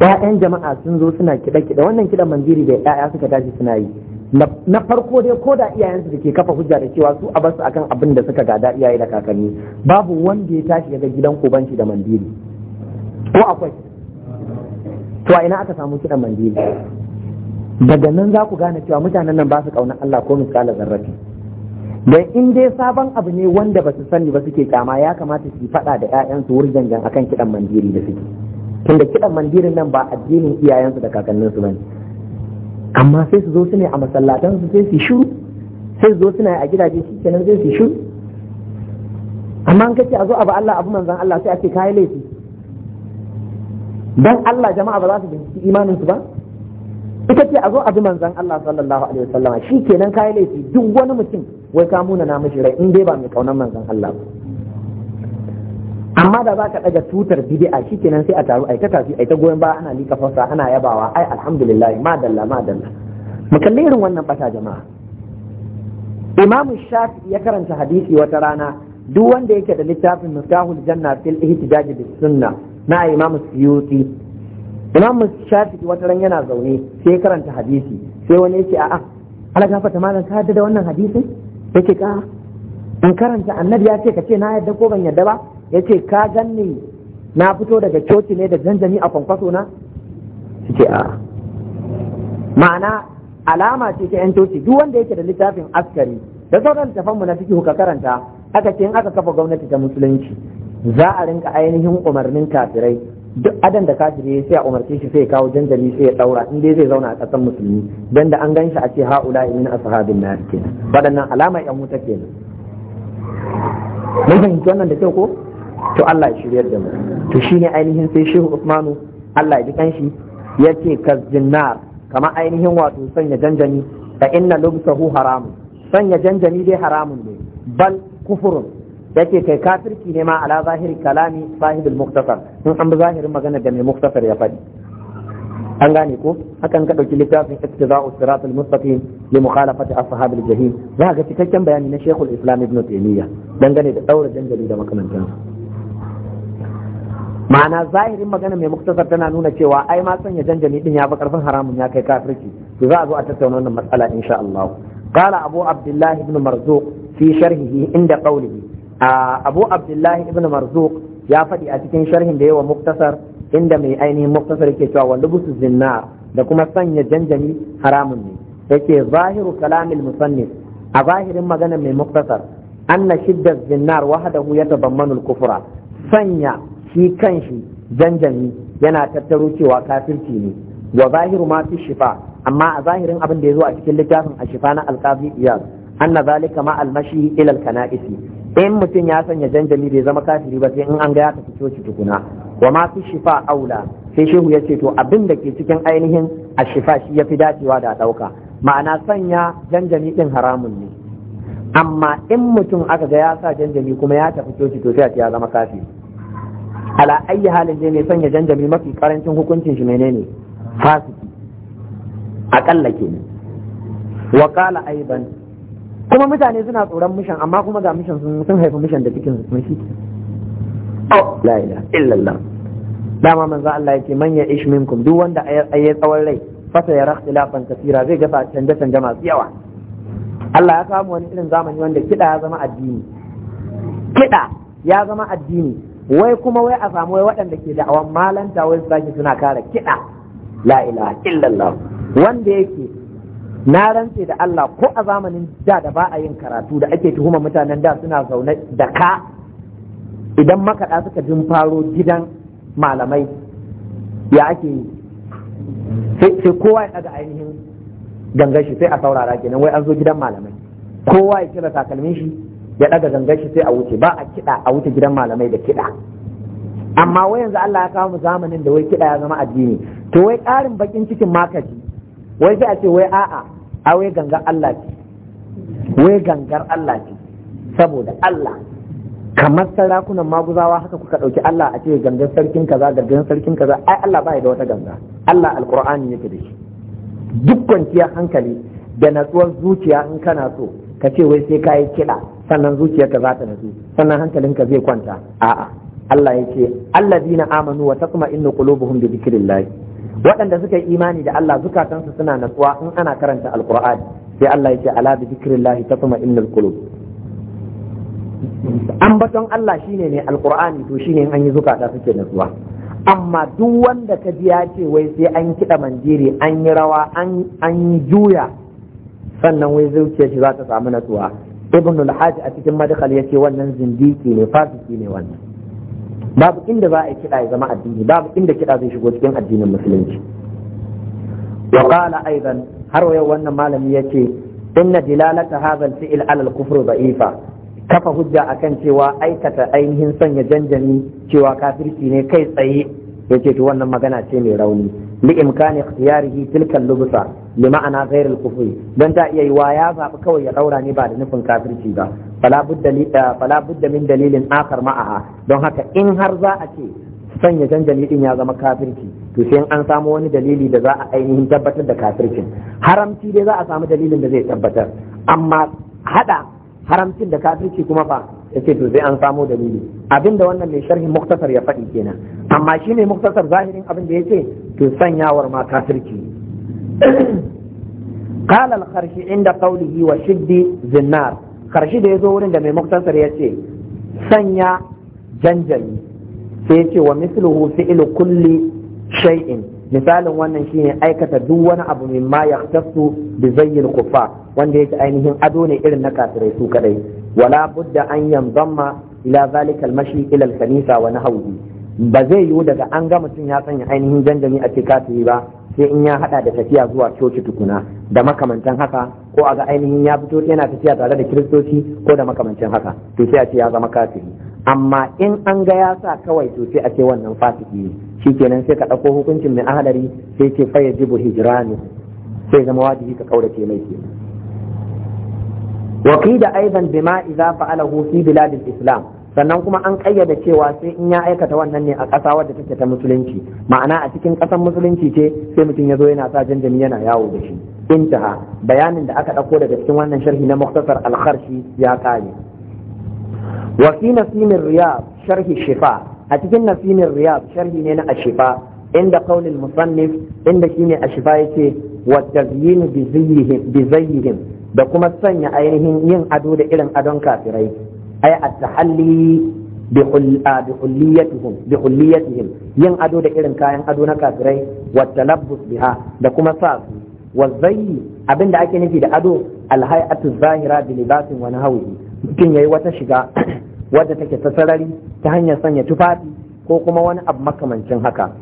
A: ba ƴaƴan jama'a sun zo suna kiɗa-kiɗa wannan kiɗan manziri da ƴaƴa suka tashi suna yi na farko dai ko da iyayensu da ke kafa hujja da cewa su a basu akan abin da suka gada iyaye da kakanni babu wanda ya tashi daga gidan kubanci da manziri ko akwai to a ina aka samu kiɗan manziri daga nan za ku gane cewa mutanen nan ba su ƙaunar Allah ko misali zarrafi dan in dai sabon abu ne wanda ba su sani ba suke kyama ya kamata su faɗa da ƴaƴansu wurjanjan akan kiɗan mandiri da suke tunda kiɗan mandirin nan ba addinin iyayensu da kakanninsu bane amma sai su zo su ne a masallatansu sai su shiru sai su zo suna a gidaje shi kenan sai su shiru amma an kace a zo abu Allah abu manzon Allah sai a ce kai laifi dan Allah jama'a ba za su binciki imanin su ba ita ce a zo a bi manzan Allah sallallahu alaihi sallama shi kenan kai laifi duk wani mutum wai ka muna na mishi rai in dai ba mai kaunar manzan Allah ba amma da za ka ɗaga tutar bid'a kenan sai a taru ai ta tafi ai ta goyon ba ana lika fasa ana yabawa ai alhamdulillah ma dalla ma dalla mu kalli irin wannan bata jama'a imamu shafi ya karanta hadisi wata rana duk wanda yake da littafin miftahul janna fil ihtijaj bis sunna na imamu suyuti imam shafi wata ran yana zaune sai karanta hadisi sai wani yace a'a ala fata malam ka yadda da wannan hadisin Yake ka in karanta annabi ya ce ka ce na yadda ko ban yadda ba yace ka ganni na fito daga coci ne da zanjani a kwankwaso na yace a. ma'ana alama ce ta yan coci duk wanda yake da littafin askari da sauran tafanmu na ku ka karanta aka ce in aka kafa gwamnati ta musulunci za a rinka ainihin umarnin kafirai duk adan da kafiri ya sai a umarce shi sai ya kawo jandali sai ya daura in dai zai zauna a ƙasar musulmi dan da an ganshi a ce haula min ashabin nar kenan nan alama yan wuta kenan mun fahimci wannan da kyau ko to Allah ya shiryar da mu to shine ainihin sai Shehu Usmanu Allah ya ji kanshi yace kazinnar kama ainihin wato sanya janjani fa inna lubsuhu haramun sanya janjani dai haramun ne bal kufurun Yake kai kafirki ne ma ala zahiri kalami sahibul muktasar sun an bi zahirin magana da mai muktasar ya faɗi an gane ko hakan ka dauki littafin ittiza'u siratal mustaqim li mukhalafati ashabil jahim za ga cikakken bayani na Sheikhul Islam Ibn dangane da daura jangali da makamantansu ma'ana zahirin magana mai muktasar tana nuna cewa ai ma sanya janjani din ya fi karfin haramun ya kai kafirci to za a zo a tattauna wannan matsala insha Allah qala abu abdullahi ibn marzuq fi sharhihi inda qawlihi abu abdullahi ibn marzuq ya faɗi a cikin sharhin da yawa muktasar inda mai ainihin muktasar yake cewa wanda busu zinna da kuma sanya janjami haramun ne yake zahiru kalamil musannif a zahirin maganar mai muktasar anna shidda zinnar wahadahu ya tabammanu kufura sanya shi kanshi janjami yana tattaro cewa kafirci ne wa zahiru ma fi shifa amma a zahirin abin da ya zo a cikin littafin ashifa shifa na alqazi iyad anna zalika ma almashi ila alkana'isi in mutum ya sanya janjali bai zama kafiri ba sai in an ga ya tafi coci tukuna wa ma fi shifa aula sai shehu ya ce to abin da ke cikin ainihin a shifa shi ya fi dacewa da ɗauka ma'ana sanya janjali ɗin haramun ne amma in mutum aka ga ya sa janjali kuma ya tafi coci to sai ya zama kafiri ala ayyi halin dai mai sanya janjali mafi karancin hukuncin shi menene fasiki akalla kenan wa qala aiban kuma mutane suna tsoron mishan amma kuma ga mishan sun haifi mishan da cikin sun shi oh la ilaha illallah dama manzo Allah yake man ya ish minkum duk wanda ya tsawon rai fasa ya ilafan tafira, zai ga canje canje masu yawa Allah ya samu wani irin zamani wanda kida ya zama addini kida ya zama addini wai kuma wai a samu wai waɗanda ke da'awan malanta wai su suna kare kida la ilaha illallah wanda yake na rantse da Allah ko a zamanin da da ba a yin karatu da ake tuhuma mutanen da suna zaune da ka idan makaɗa suka jin faro gidan malamai ya ake yi sai kowa ya ɗaga ainihin gangan shi sai a saurara kenan wai an zo gidan malamai kowa ya kira takalmin shi ya ɗaga gangan shi sai a wuce ba a kiɗa a wuce gidan malamai da kiɗa amma wai yanzu Allah ya kawo mu zamanin da wai kiɗa ya zama addini to wai ƙarin bakin cikin makaci wai sai a ce wai a'a a gangar Allah ce wai gangar Allah ce saboda Allah kamar sarakunan maguzawa haka kuka ɗauki Allah a ce gangar sarkin kaza gangar sarkin kaza ai Allah ba da wata ganga Allah alqur'ani yake da shi duk kwanciyar hankali da natsuwar zuciya in kana so ka ce wai sai ka yi kiɗa sannan zuciyarka za ta natsu sannan hankalinka zai kwanta a'a Allah ya ce alladina amanu wa taqma innu qulubuhum bi dhikrillah waɗanda suka yi imani da Allah zukatansu suna natsuwa in ana karanta alqur'ani sai Allah ya ala bi zikrillah innal qulub ambaton Allah shine ne alqur'ani to shine in an yi zukata suke natsuwa amma duk wanda ka ji ya ce wai sai an kiɗa manjiri an yi rawa an yi juya sannan wai zuciyar shi za ta samu natsuwa IbnulHaji a cikin madkhal yace wannan zindiki ne fasiki ne wannan babu inda za a kiɗa ya zama addini babu inda kiɗa zai shigo cikin addinin musulunci wa qala aidan har yau wannan malami yace inna dilalata hadha al-fi'l ala al-kufr da'ifa kafa hujja akan cewa aikata ainihin sanya janjani cewa kafirci ne kai tsaye yace to wannan magana ce mai rauni li imkani ikhtiyarihi tilka al-lubsa li ma'ana ghayr al-kufr dan ta iya wa ya zabi kawai ya daura ne ba da nufin kafirci ba fala budda min dalilin akar ma'aha don haka in har za a ce sanya jan dalilin ya zama kafirci to sai an samu wani dalili da za a ainihin tabbatar da kafircin haramci dai za a samu dalilin da zai tabbatar amma hada haramcin da kafirci kuma ba ya ce to sai an samu dalili abinda wannan mai sharhin muktasar ya faɗi kenan amma shi ne muktasar zahirin abin da ya ce to sanyawar ma kafirci قال الخرش عند قوله وشد زنار karshe da ya zo wurin da mai muktasar ya ce sanya janjali sai ya ce wa misluhu fi'lu kulli shay'in misalin wannan shine aikata duk wani abu mai ma yahtassu bi kufa wanda yake ainihin ado ne irin na kafirai su kadai wala budda an yanzamma ila zalika almashi ila alkanisa wa ba zai yiwu daga an ga mutum ya sanya ainihin janjami a cikin ba sai in ya hada da tafiya zuwa coci tukuna da makamantan haka ko a ga ainihin ya fito yana tafiya tare da kiristoci ko da makamancin haka to sai a ce ya zama kafiri amma in an ga ya sa kawai to sai a ce wannan fasiki ne shikenan sai ka ɗauko hukuncin mai ahadari sai ce fa jibu hijrani sai zama wajibi ka kaurace mai ke وقيل أيضا بما إذا Alahu fi biladil Islam. sannan kuma an kayyada cewa sai in ya aikata wannan ne a ƙasa wadda take ta musulunci ma'ana a cikin ƙasar musulunci ce sai mutum ya zo yana sa janjani yana yawo da shi intaha bayanin da aka ɗauko daga cikin wannan sharhi na muktasar alkharshi ya kare wa fi nasimin riyab sharhi shifa a cikin nasimin riyab sharhi ne na ashifa inda qaulil musannif inda shine ashifa yace wa tazyin bi zayyihim da kuma sanya ainihin yin ado da irin adon kafirai ay at-tahalli bi hulliyatihim bi hulliyatihim yin ado da irin kayan ado na kafirai wa talabbus biha da kuma sa su wa abinda ake nufi da ado al zahira bi libasin wa nahwihi mutum yayi wata shiga wadda take ta sarari ta hanyar sanya tufafi ko kuma wani abu makamancin haka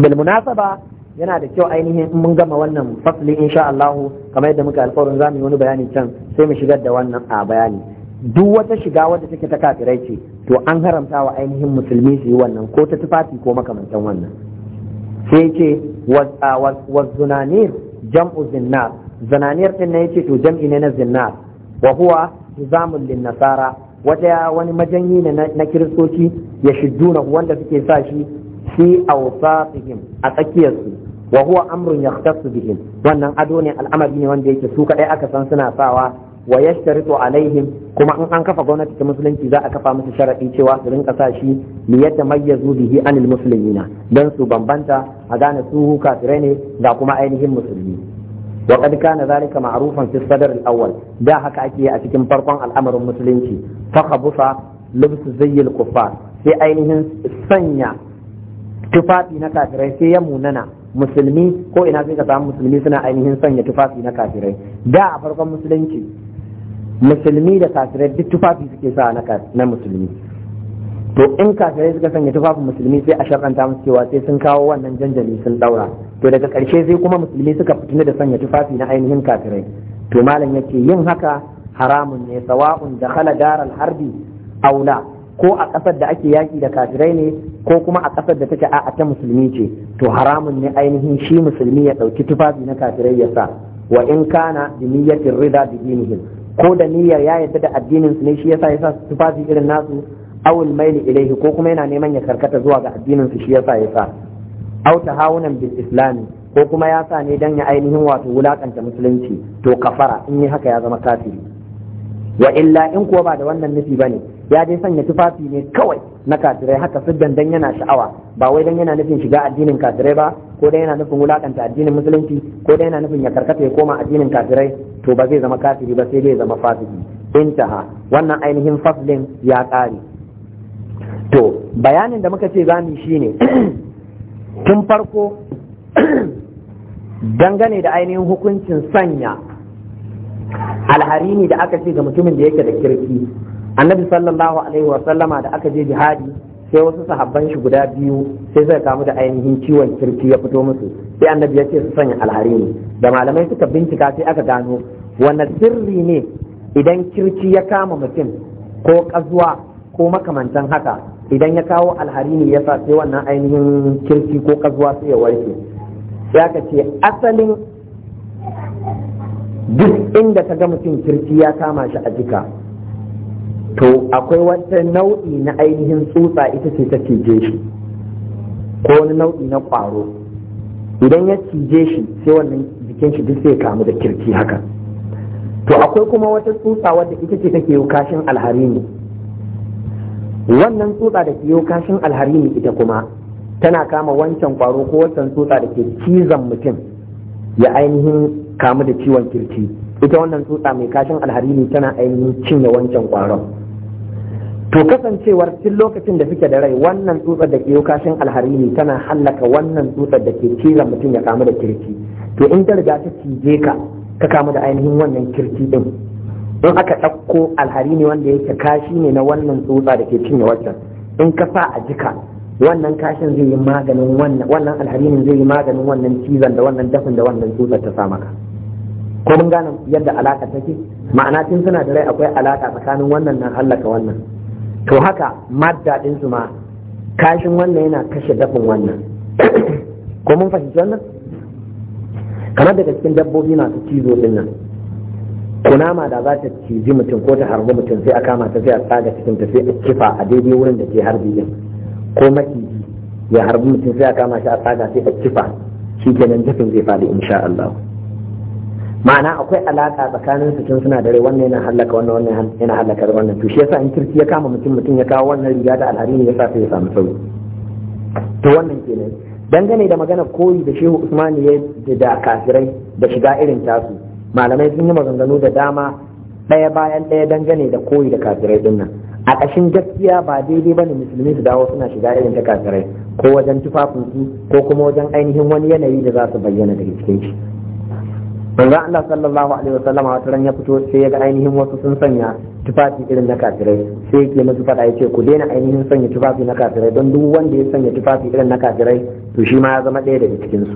A: bil munasaba yana da kyau ainihin in mun gama wannan fasli insha Allah kamar yadda muka alƙawarin zamu yi wani bayani can sai mu shigar da wannan bayani duk wata shiga wadda take ta kafirai ce to an haramta wa ainihin musulmi su yi wannan ko ta tufafi ko makamantan wannan sai ce wa zunanir jam'u zinnar zunanir din ne yace to jam'i ne na zinnar wa huwa hizamul lin nasara wata wani majanyi ne na kiristoci ya shidduna wanda suke sa shi fi awsatihim a tsakiyarsu wa huwa amrun yahtassu bihim wannan ado ne al'amari ne wanda yake su kadai aka san suna sawa wa yashtaritu alaihim kuma in an kafa gwamnati ta musulunci za a kafa musu sharadi cewa su rinka sa shi li yatamayyazu bihi anil muslimina dan su bambanta a gane su kafirai ne ga kuma ainihin musulmi wa qad kana zalika ma'rufan fi sadr al-awwal da haka ake a cikin farkon al'amarin musulunci fa khabusa libsu zayyil kuffar sai ainihin sanya tufafi na kafirai sai ya munana musulmi ko ina sai ka samu musulmi suna ainihin sanya tufafi na kafirai da a farkon musulunci musulmi da kafirai duk tufafi suke sa na musulmi to in kafirai suka sanya tufafin musulmi sai a shar'anta musu cewa sai sun kawo wannan janjali sun daura to daga karshe sai kuma musulmi suka fitina da sanya tufafi na ainihin kafirai to malam yake yin haka haramun ne sawa'un kala daral harbi aula ko a kasar da ake yaki da kafirai ne ko kuma a kasar da take a'a ta musulmi ce to haramun ne ainihin shi musulmi ya dauki tufafi na kafirai ya sa wa in kana bi niyyatin rida bi dinihi ko da niyyar ya yarda da addinin su ne shi yasa yasa su fasi irin nasu awul maili ilaihi ko kuma yana neman ya karkata zuwa ga addinin su shi yasa yasa aw tahawunan bil islami ko kuma yasa ne dan ya ainihin wato wulakanta musulunci to kafara in yi haka ya zama kafiri wa illa in kuwa ba da wannan nufi bane ya dai sanya tufafi ne kawai na kafirai haka su dandan yana sha'awa ba wai dan yana nufin shiga addinin kafirai ba ko dan yana nufin wulakanta addinin musulunci ko dan yana nufin ya karkata ya koma addinin kafirai to ba zai zama kafiri ba sai zai zama fasiki intaha wannan ainihin faslin ya kare to bayanin da muka ce za mu shi ne tun farko dangane da ainihin hukuncin sanya alharini da aka ce ga mutumin da yake da kirki annabi sallallahu alaihi wa sallama da aka je jihadi sai wasu sahabban shi guda biyu sai suka kamu da ainihin ciwon kirki ya fito musu sai annabi ya ce su sanya alharini da malamai suka bincika sai aka gano wanne sirri ne idan kirki ya kama mutum ko kazuwa ko makamantan haka idan ya kawo alharini ya sa sai wannan ainihin kirki ko kazuwa sai ya warke sai aka ce asalin duk inda ka ga mutum kirki ya kama shi a jika to akwai wata nau'i na ainihin tsutsa ita ce ta cije shi ko wani nau'i na ƙwaro idan ya cije shi sai wannan jikin shi duk sai kamu da kirki haka to akwai kuma wata tsutsa wadda ita ce take yi kashin ne wannan tsutsa da ke yi kashin ne ita kuma tana kama wancan ƙwaro ko wancan tsutsa da ke cizon mutum ya ainihin kamu da ciwon kirki ita wannan tsutsa mai kashin alharini tana ainihin cinye wancan kwaron to kasancewar tun lokacin da suke da rai wannan tsutsa da ke kashin alharini tana hallaka wannan tsutsa da ke cizon mutum ya kamu da kirki to in ta riga ta cije ka ka kamu da ainihin wannan kirki din in aka ɗauko alharini wanda yake kashi ne na wannan tsutsa da ke cinye wancan in ka sa a jika wannan kashin zai yi maganin wannan alharinin zai yi maganin wannan cizon da wannan dafin da wannan tsutsar ta sa maka. ko mun gane yadda alaka take ma'ana tun suna da rai akwai alaka tsakanin wannan na hallaka wannan to haka madda din su ma kashin wannan yana kashe dafin wannan ko mun fahimci wannan kamar daga cikin dabbobi masu cizo din nan kunama da za ta ciji mutum ko ta harbi mutum sai a kama ta sai a tsaga cikin ta sai a kifa a daidai wurin da ke harbi din ko maki ya harbi mutum sai a kama shi a tsaga sai a kifa shi kenan jafin zai faɗi insha Allah ma'ana akwai alaka tsakanin su tun suna dare wannan yana halaka wannan wannan yana halaka wannan to shi yasa in kirki ya kama mutum mutum ya kawo wannan riga da ne ya sa sai ya samu sauki to wannan kenan dangane da magana koyi da shehu usmani ya da kafirai da shiga irin tasu malamai sun yi maganganu da dama ɗaya bayan ɗaya dangane da koyi da kafirai din nan a ƙashin gaskiya ba daidai bane musulmi su dawo suna shiga irin ta kafirai ko wajen tufafinsu ko kuma wajen ainihin wani yanayi da za su bayyana daga cikin shi manzo Allah sallallahu alaihi sallam a ran ya fito sai ya ga ainihin wasu sun sanya tufafi irin na kafirai sai yake musu ya ce ku daina ainihin sanya tufafi na kafirai don duk wanda ya sanya tufafi irin na kafirai to shi ma ya zama ɗaya daga cikin su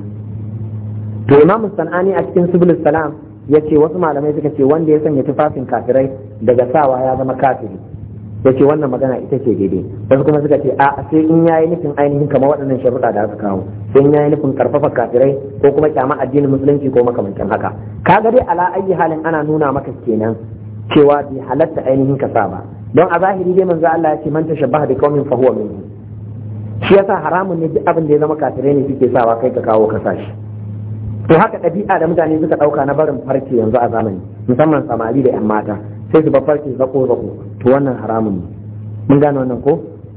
A: to imamu sanani a cikin subul salam yace wasu malamai suka ce wanda ya sanya tufafin kafirai daga sawa ya zama kafiri yace wannan magana ita ce daidai wasu kuma suka ce a sai in yayi nufin ainihin kamar waɗannan sharuɗa da aka kawo sai in yayi nufin karfafa kafirai ko kuma kyama addinin musulunci ko makamantan haka kaga dai ala ayyi halin ana nuna maka kenan cewa bai halatta ainihin ka ba don a zahiri dai manzo Allah ya ce man tashabbaha bi qaumin fa huwa minhu shi yasa haramun ne duk abin da ya zama kafirai ne suke sawa kai ka kawo ka sashi to haka ɗabi'a da mutane suka ɗauka na barin farce yanzu a zamani musamman samari da 'yan mata sai su mafarki zako zako to wannan haramun ne mun gane wannan ko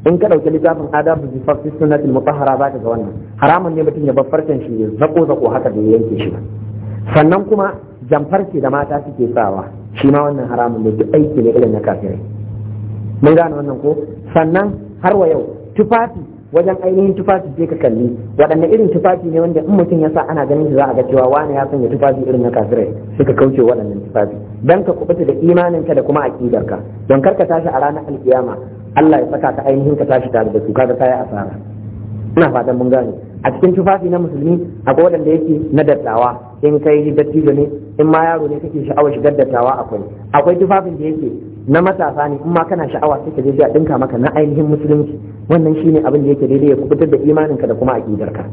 A: in ka dauki littafin adabu bi fafi sunnatul mutahhara za ka ga wannan haramun ne mutum ya bafarkin shi ya zako zako haka da yanke shi sannan kuma jamfarki da mata suke sawa shi ma wannan haramun ne duk aiki ne irin na kafirai mun gane wannan ko sannan har wa yau tufafi wajen ainihin tufafi sai ka kalli waɗanne irin tufafi ne wanda in mutum ya sa ana ganin shi za a ga cewa wani ya sanya tufafi irin na kafire? suka kauce waɗannan tufafi dan ka kubuta da imaninka da kuma aƙidarka don kar ka tashi a ranar alkiyama Allah ya saka ka ainihin ka tashi tare da su kaga yi asara ina fatan mun gane a cikin tufafi na musulmi akwai waɗanda yake na dattawa in kai dattijo ne in ma yaro ne kake sha'awar shigar dattawa akwai akwai tufafin da yake na matasa ne kuma kana sha'awa sai ka je a dinka maka na ainihin musulunci wannan shine abin da yake daidai ya kubutar da imaninka da kuma ka.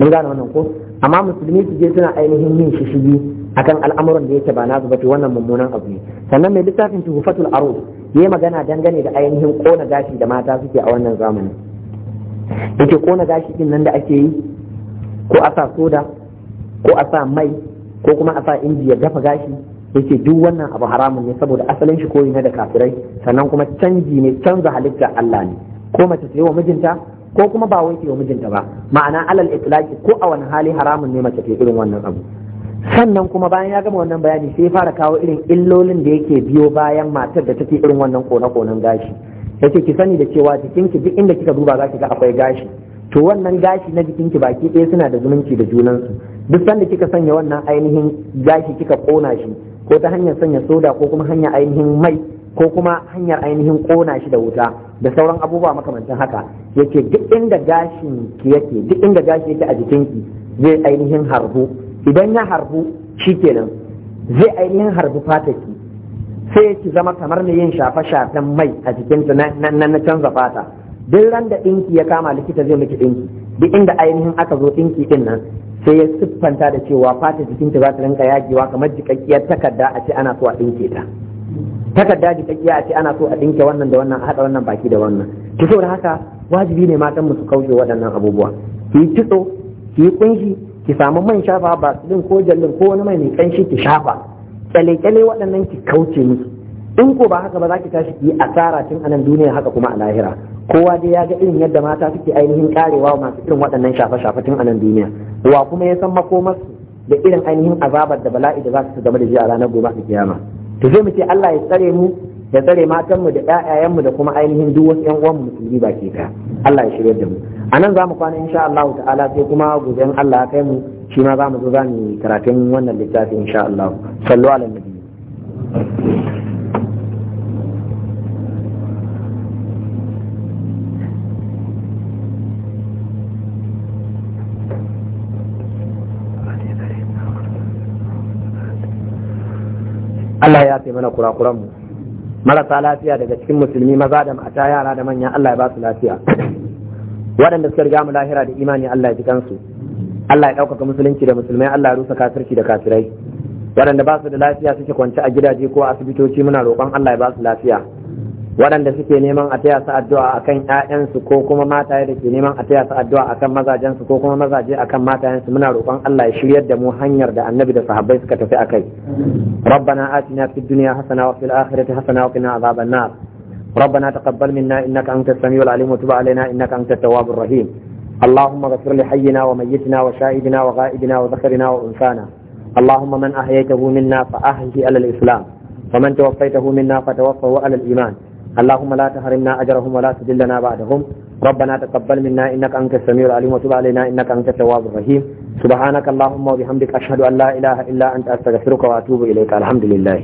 A: mun gane wannan ko amma musulmi su je suna ainihin yin shishigi akan al'amuran da yake ba nasu ba wannan mummunan abu ne sannan mai littafin tuhufatul arus yayi magana dangane da ainihin kona gashi da mata suke a wannan zamani yake kona gashi din nan da ake yi ko a sa soda ko a sa mai ko kuma a sa inji ya dafa gashi yake duk wannan abu haramun ne saboda asalin shi koyi ne da kafirai sannan kuma canji ne canza halitta Allah ne ko mace ta yi wa mijinta ko kuma ba wai wa mijinta ba ma'ana alal itlaqi ko a wani hali haramun ne mace ta yi irin wannan abu sannan kuma bayan ya gama wannan bayani sai fara kawo irin illolin da yake biyo bayan matar da take irin wannan kone-konen gashi yace ki sani da cewa jikinki duk inda kika duba zaki ga akwai gashi to wannan gashi na jikinki baki ɗaya suna da zumunci da junansu duk sanda kika sanya wannan ainihin gashi kika kona shi ko ta hanyar sanya soda ko kuma hanyar ainihin mai ko kuma hanyar ainihin kona shi da wuta da sauran abubuwa makamancin haka yake duk inda gashin ki yake duk inda gashi yake a jikin ki zai ainihin harbu idan ya harbu shikenan zai ainihin harbu ki. sai ki zama kamar mai yin shafa shafen mai a jikin ta na canza fata duk ran da ɗinki ya kama likita zai miki ɗinki duk inda ainihin aka zo ɗinki ɗin nan sai ya siffanta da cewa fata jikinta za ta rinka yagewa kamar jikakkiyar takarda a ce ana so a ɗinke ta takarda jikakkiya a ce ana so a dinke wannan da wannan a haɗa wannan baki da wannan ki saboda haka wajibi ne matan musu su kauce waɗannan abubuwa ki yi kitso ki yi kunshi ki samu man shafa ba ko jallin ko wani mai mai kanshi ki shafa kyale-kyale waɗannan ki kauce musu in ko ba haka ba za ki tashi ki a asara tun anan duniya haka kuma a lahira kowa dai ya ga irin yadda mata suke ainihin karewa masu irin waɗannan shafe-shafe tun anan duniya wa kuma ya san makomarsu da irin ainihin azabar da bala'i da za su zama da shi a ranar gobe su kiyama to zai mu ce Allah ya tsare mu ya tsare matanmu da ƴaƴayenmu da kuma ainihin duk wasu ƴan uwan musulmi ke ɗaya Allah ya shirya da mu a nan za mu kwana insha Allah ta'ala sai kuma gobe Allah ya kai mu shi ma za mu zo za mu karatun wannan littafin insha Allah sallu ala nabi Allah ya yafe mana kurakuran mu marasa lafiya daga cikin musulmi maza da mata yara da manya Allah ya ba su lafiya waɗanda suka riga mu lahira da imani Allah ya ji kansu Allah ya ɗaukaka musulunci da musulmai Allah ya rusa kafirci da kafirai waɗanda ba su da lafiya suke kwance a gidaje ko asibitoci muna roƙon Allah ya ba su lafiya waɗanda suke neman a taya su addu'a akan ƴaƴansu ko kuma mataye da ke neman a taya su addu'a akan mazajensu ko kuma mazaje akan matayensu muna roƙon Allah ya shiryar da mu hanyar da annabi da sahabbai suka tafi akai rabbana atina fid dunya hasana wa fil akhirati hasana wa qina adhaban nar ربنا تقبل منا انك انت السميع العليم وتب علينا انك انت التواب الرحيم اللهم اغفر لحينا وميتنا وشاهدنا وغائبنا وذكرنا وانثانا اللهم من احييته منا فاحيه على الاسلام ومن توفيته منا فتوفه على الايمان اللهم لا تحرمنا أجرهم ولا تذلنا بعدهم ربنا تقبل منا إنك أنت السميع العليم وتب علينا إنك أنت التواب الرحيم سبحانك اللهم وبحمدك أشهد أن لا إله إلا أنت أستغفرك وأتوب إليك الحمد لله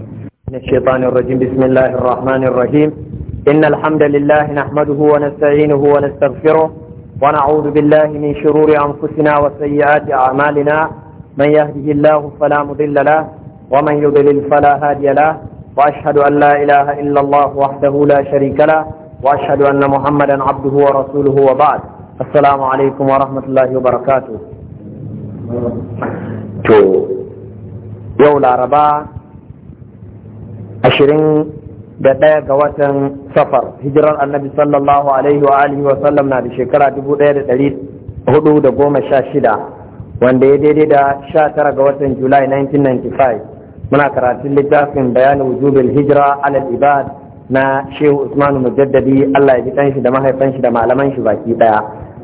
A: من الشيطان الرجيم بسم الله الرحمن الرحيم إن الحمد لله نحمده ونستعينه ونستغفره ونعوذ بالله من شرور أنفسنا وسيئات أعمالنا من يهده الله فلا مضل له ومن يضلل فلا هادي له وأشهد أن لا إله إلا الله وحده لا شريك له وأشهد أن محمدا عبده ورسوله وبعد السلام عليكم ورحمة الله وبركاته to yau laraba ashirin da ɗaya ga watan safar hijirar annabi sallallahu alaihi wa alihi wa sallam na da shekara dubu ɗaya da ɗari hudu da goma shida wanda ya daidai da sha tara ga watan july 1995 muna karatun littafin bayanin wujubin hijira alal ibad na shehu usman mujaddadi allah ya ji kanshi da mahaifan shi da malaman shi baki daya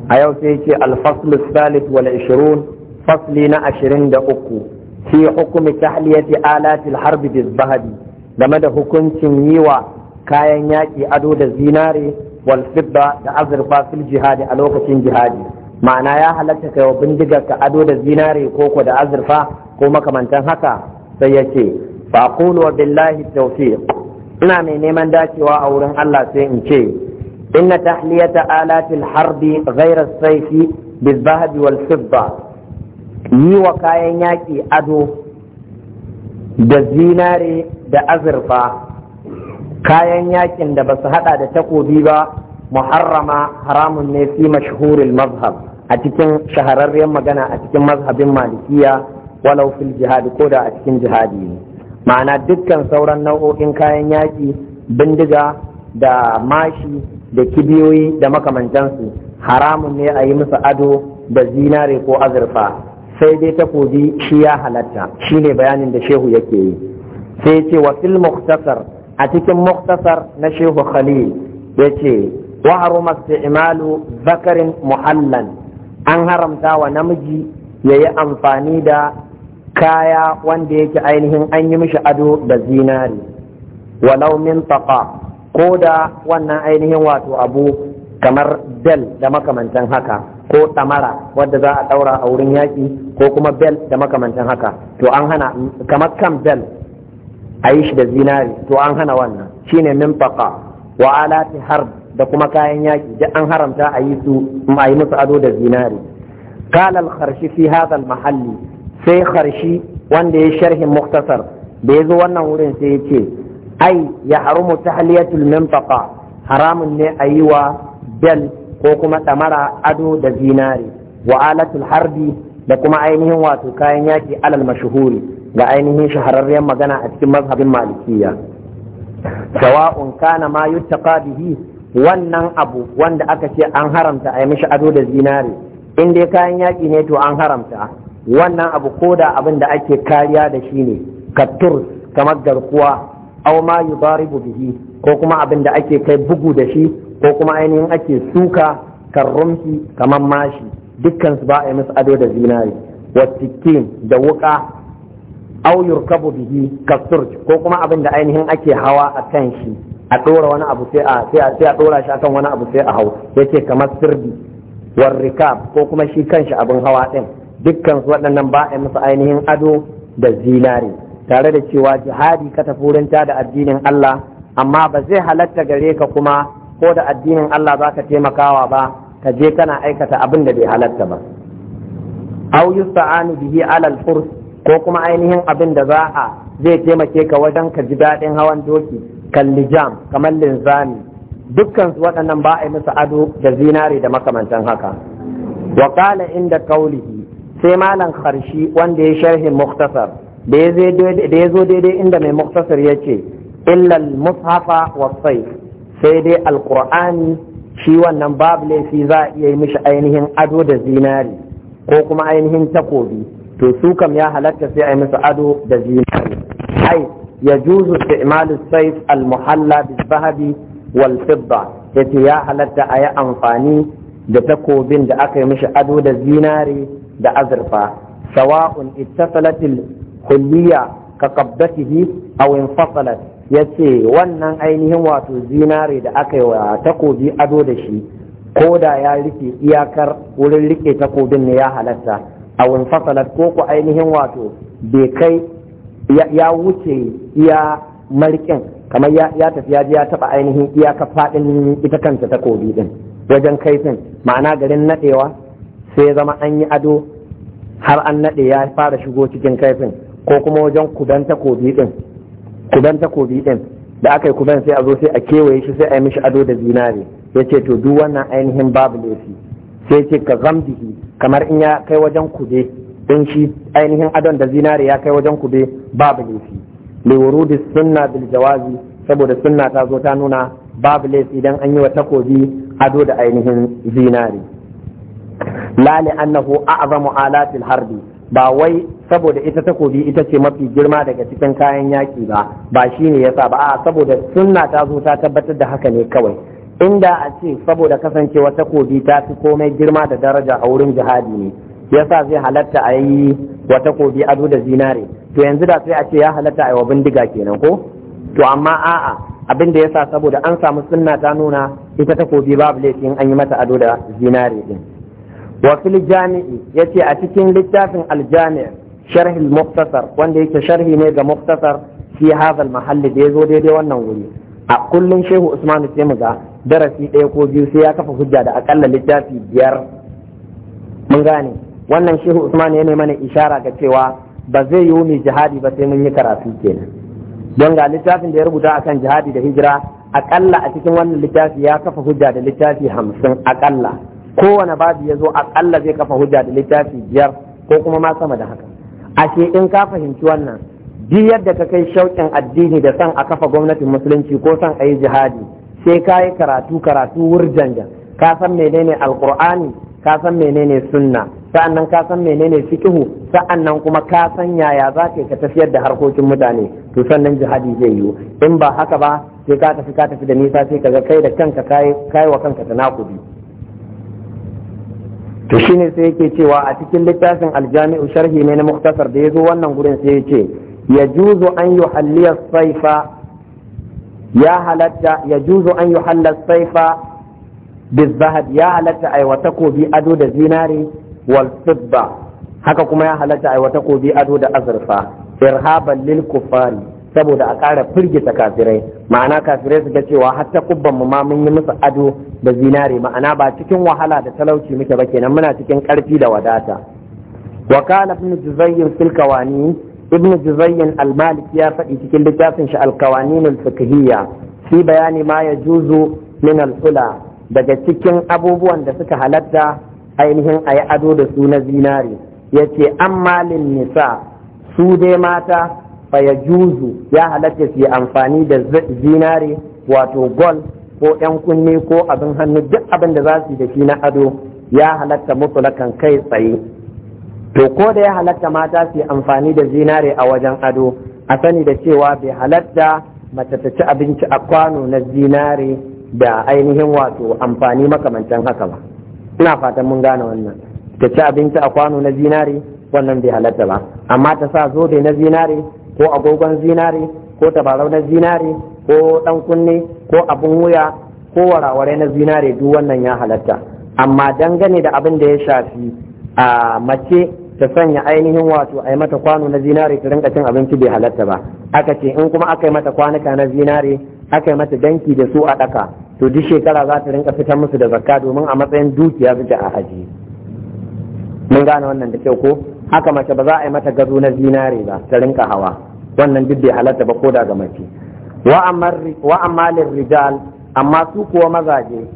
A: a yau sai ce alfaslu salis wal ishirun fasli na ashirin da uku fi hukumi tahliyati alatil harbi bizbahabi game da hukuncin yi wa kayan yaki ado da zinare wal fidda da azurfa fil jihadi a lokacin jihadi ma'ana ya halatta kai wa bindigar ka ado da zinare ko ko da azurfa ko makamantan haka sai ya ce billahi tawfiq ina mai neman dacewa a wurin Allah sai in ce inna tahliyata alatil harbi ghayra sayfi bizahab wal fidda yi wa kayan yaki ado da zinare da azurfa kayan yakin da ba su hada da takobi ba muharrama haramun ne fi mashhuril mazhab a cikin shahararren magana a cikin mazhabin malikiya walau fil jihadi ko da a cikin jihadi ne ma'ana dukkan sauran nau'o'in kayan yaƙi bindiga da mashi da kibiyoyi da makamantansu haramun ne a yi musu ado da zinare ko azurfa sai dai takobi shi ya halatta shine bayanin da shehu yake yi sai ce wa fil a cikin muktasar na shehu khalil ya ce wa haruma isti'malu zakarin muhallan an haramta wa namiji ya yi amfani da kaya wanda yake ainihin an yi mishi ado da zinari walau min taqa ko da wannan ainihin wato abu kamar bel da makamantan haka ko ɗamara wadda za a ɗaura a wurin yaƙi ko kuma bel da makamantan haka to an hana kamar kan bel a yi shi da zinari to an hana wannan shine min taqa wa alati harb da kuma kayan yaƙi duk an haramta a yi su musu ado da zinari قال الخرشي في هذا mahalli sai harshi wanda ya sharhin muktasar da ya zo wannan wurin sai ya ce ai ya harumu haliyatul mintaqa haramun ne a yi wa bel ko kuma ɗamara ado da zinari wa alatul harbi da kuma ainihin wato kayan yaƙi alal mashuhuri ga ainihin shahararriyar magana a cikin mazhabin malikiya sawa'un kana ma yuttaqa bihi wannan abu wanda aka ce an haramta a yi mishi ado da zinari in dai kayan yaƙi ne to an haramta wannan abu ko da abin da ake kariya da shi ne kattur kamar garkuwa au ma yudaribu bihi ko kuma abin da ake kai bugu da shi ko kuma ainihin ake suka karrumsi kamar mashi dukkan su ba a yi musu ado da zinari wasikin da wuka aw yurkabu bihi kattur ko kuma abin da ainihin ake hawa a kan shi a ɗora wani abu sai a sai a ɗora shi akan wani abu sai a hau yake kamar sirdi warrikab ko kuma shi kanshi abin hawa ɗin dukkan su waɗannan ba a musu ainihin ado da zinari tare da cewa jihadi ka tafi da addinin Allah amma ba zai halatta gare ka kuma ko da addinin Allah za ka taimakawa ba ka je kana aikata abin da bai halatta ba au yusta'anu bihi alal furs ko kuma ainihin abin da za a zai taimake ka wajen ka ji daɗin hawan doki lijam kamar linzami dukkan su waɗannan ba a musu ado da zinari da makamantan haka wa inda qawlihi sai malam karshi wanda ya sharhin muktasar da ya zo daidai inda mai muktasar ya ce illal mushafa wasai sai dai alkur'ani shi wannan babu laifi za a iya yi mishi ainihin ado da zinari ko kuma ainihin takobi to su kam ya halatta sai a yi ado da zinari ai ya juzu isti'malu saif al-muhalla wal-fidda yace ya halatta a yi amfani da takobin da aka yi mishi ado da zinari da azurfa sawa'un ittasalatil kulliya ka qabbatihi aw infasalat yace wannan ainihin wato zinare da aka yi wa takobi ado da shi ko da ya rike iyakar wurin rike takobin ne ya halatta a infasalat ko ku ainihin wato bai kai ya wuce iya markin kamar ya tafi ya ya taba ainihin iyakar fadin ita kanta takobi din wajen kaifin ma'ana garin naɗewa? sai ya zama an yi ado har an naɗe ya fara shigo cikin kaifin ko kuma wajen kudan takobi ɗin, da aka yi kudan sai a zo sai a kewaye shi sai a yi mishi ado da zinare ya ce to duk wannan ainihin babu laifi sai ce ka zamdihi kamar in ya kai wajen kube in shi ainihin adon da zinare ya kai wajen kube babu laifi liwurudi sunna bil jawazi saboda sunna ta zo ta nuna babu laifi idan an yi wa takobi ado da ainihin zinare la li annahu a'zamu alatil harbi ba wai saboda ita takobi ita ce mafi girma daga cikin kayan yaki ba ba shine yasa ba a saboda sunna ta zo ta tabbatar da haka ne kawai inda a ce saboda kasancewa takobi ta fi komai girma da daraja a wurin jihadi ne yasa zai halatta a yi wa takobi ado da zinare to yanzu da sai a ce ya halatta a yi wa bindiga kenan ko to amma a'a abin da yasa saboda an samu sunna ta nuna ita takobi babu laifin an yi mata ado da zinare din wa fil jami'i yace a cikin littafin aljami' sharh al wanda yake sharhi ne ga Muqtasar, fi hadha al-mahall da yazo daidai wannan wuri a kullun shehu usman sai mu ga darasi ɗaya ko biyu sai ya kafa hujja da akalla littafi biyar mun gane wannan shehu usman ya mana ishara ga cewa ba zai yi mai jihadi ba sai mun yi karatu kenan don ga littafin da ya rubuta akan jihadi da hijira akalla a cikin wannan littafi ya kafa hujja da littafi hamsin akalla kowane babu ya zo aƙalla zai kafa hujja da littafi biyar ko kuma ma sama da haka ashe in ka fahimci wannan duk yadda ka kai shauƙin addini da san a kafa gwamnatin musulunci ko san a yi jihadi sai ka yi karatu karatu wurjanja ka san menene alƙur'ani ka san menene sunna sa'annan ka san menene fiqhu sa'annan kuma ka san yaya za ka ka tafiyar da harkokin mutane to sannan jihadi zai yiwu in ba haka ba sai ka tafi ka tafi da nisa sai ka ga kai da kanka kai wa kanka tanakubi to shine sai yake cewa a cikin littafin aljami'u sharhi ne na muktasar da ya zo wannan gurin sai yace ce ya juzo an yi halliya saifa ya halatta ya juzo an yi hallar saifa bizahad ya halatta a wata kobi ado da zinari wal haka kuma ya halatta a wata kobi ado da azurfa irhaban lil kufari saboda a ƙara firgita kafirai ma'ana kafirai su ga cewa hatta kubban mu ma mun yi musu ado da zinare ma'ana ba cikin wahala da talauci muke ba kenan muna cikin ƙarfi da wadata wa kana ibn juzayyin fil Kawani, ibn juzayyin al-maliki ya faɗi cikin littafin shi al kawani al-fiqhiyya fi bayani ma ya juzu min al-ula daga cikin abubuwan da suka halatta ainihin ayi ado da su na zinare yace amma lin nisa su dai mata fayajuzu ya juzu ya halatta su amfani da zinare wato gold ko yan kunne ko abin hannu duk abin da za su yi da shi na ado ya halatta mutulakan kai tsaye to ko da ya halatta mata su yi amfani da zinare a wajen ado a sani da cewa bai halatta mace ta ci abinci a kwano na zinare da ainihin wato amfani makamancin haka ba ina fatan mun gane wannan ta ci abinci a kwano na zinare wannan bai halatta ba amma ta sa zobe na zinare ko agogon zinare ko tabarau na zinare ko dan kunne ko abun wuya ko waraware na zinare duk wannan ya halatta amma dangane da abin da ya shafi a mace ta sanya ainihin wato a yi mata kwano na zinare ta rinka cin abinci bai halatta ba aka ce in kuma aka yi mata kwanuka na zinare aka yi mata danki da su a ɗaka to duk shekara za ta rinka fitar musu da zakka domin a matsayin dukiya su a ajiye mun gane wannan da kyau ko haka mace ba za a yi mata gado na zinare ba ta rinka hawa wannan duk bai halatta ba ko daga mace wa rijal amma su kuwa mazaje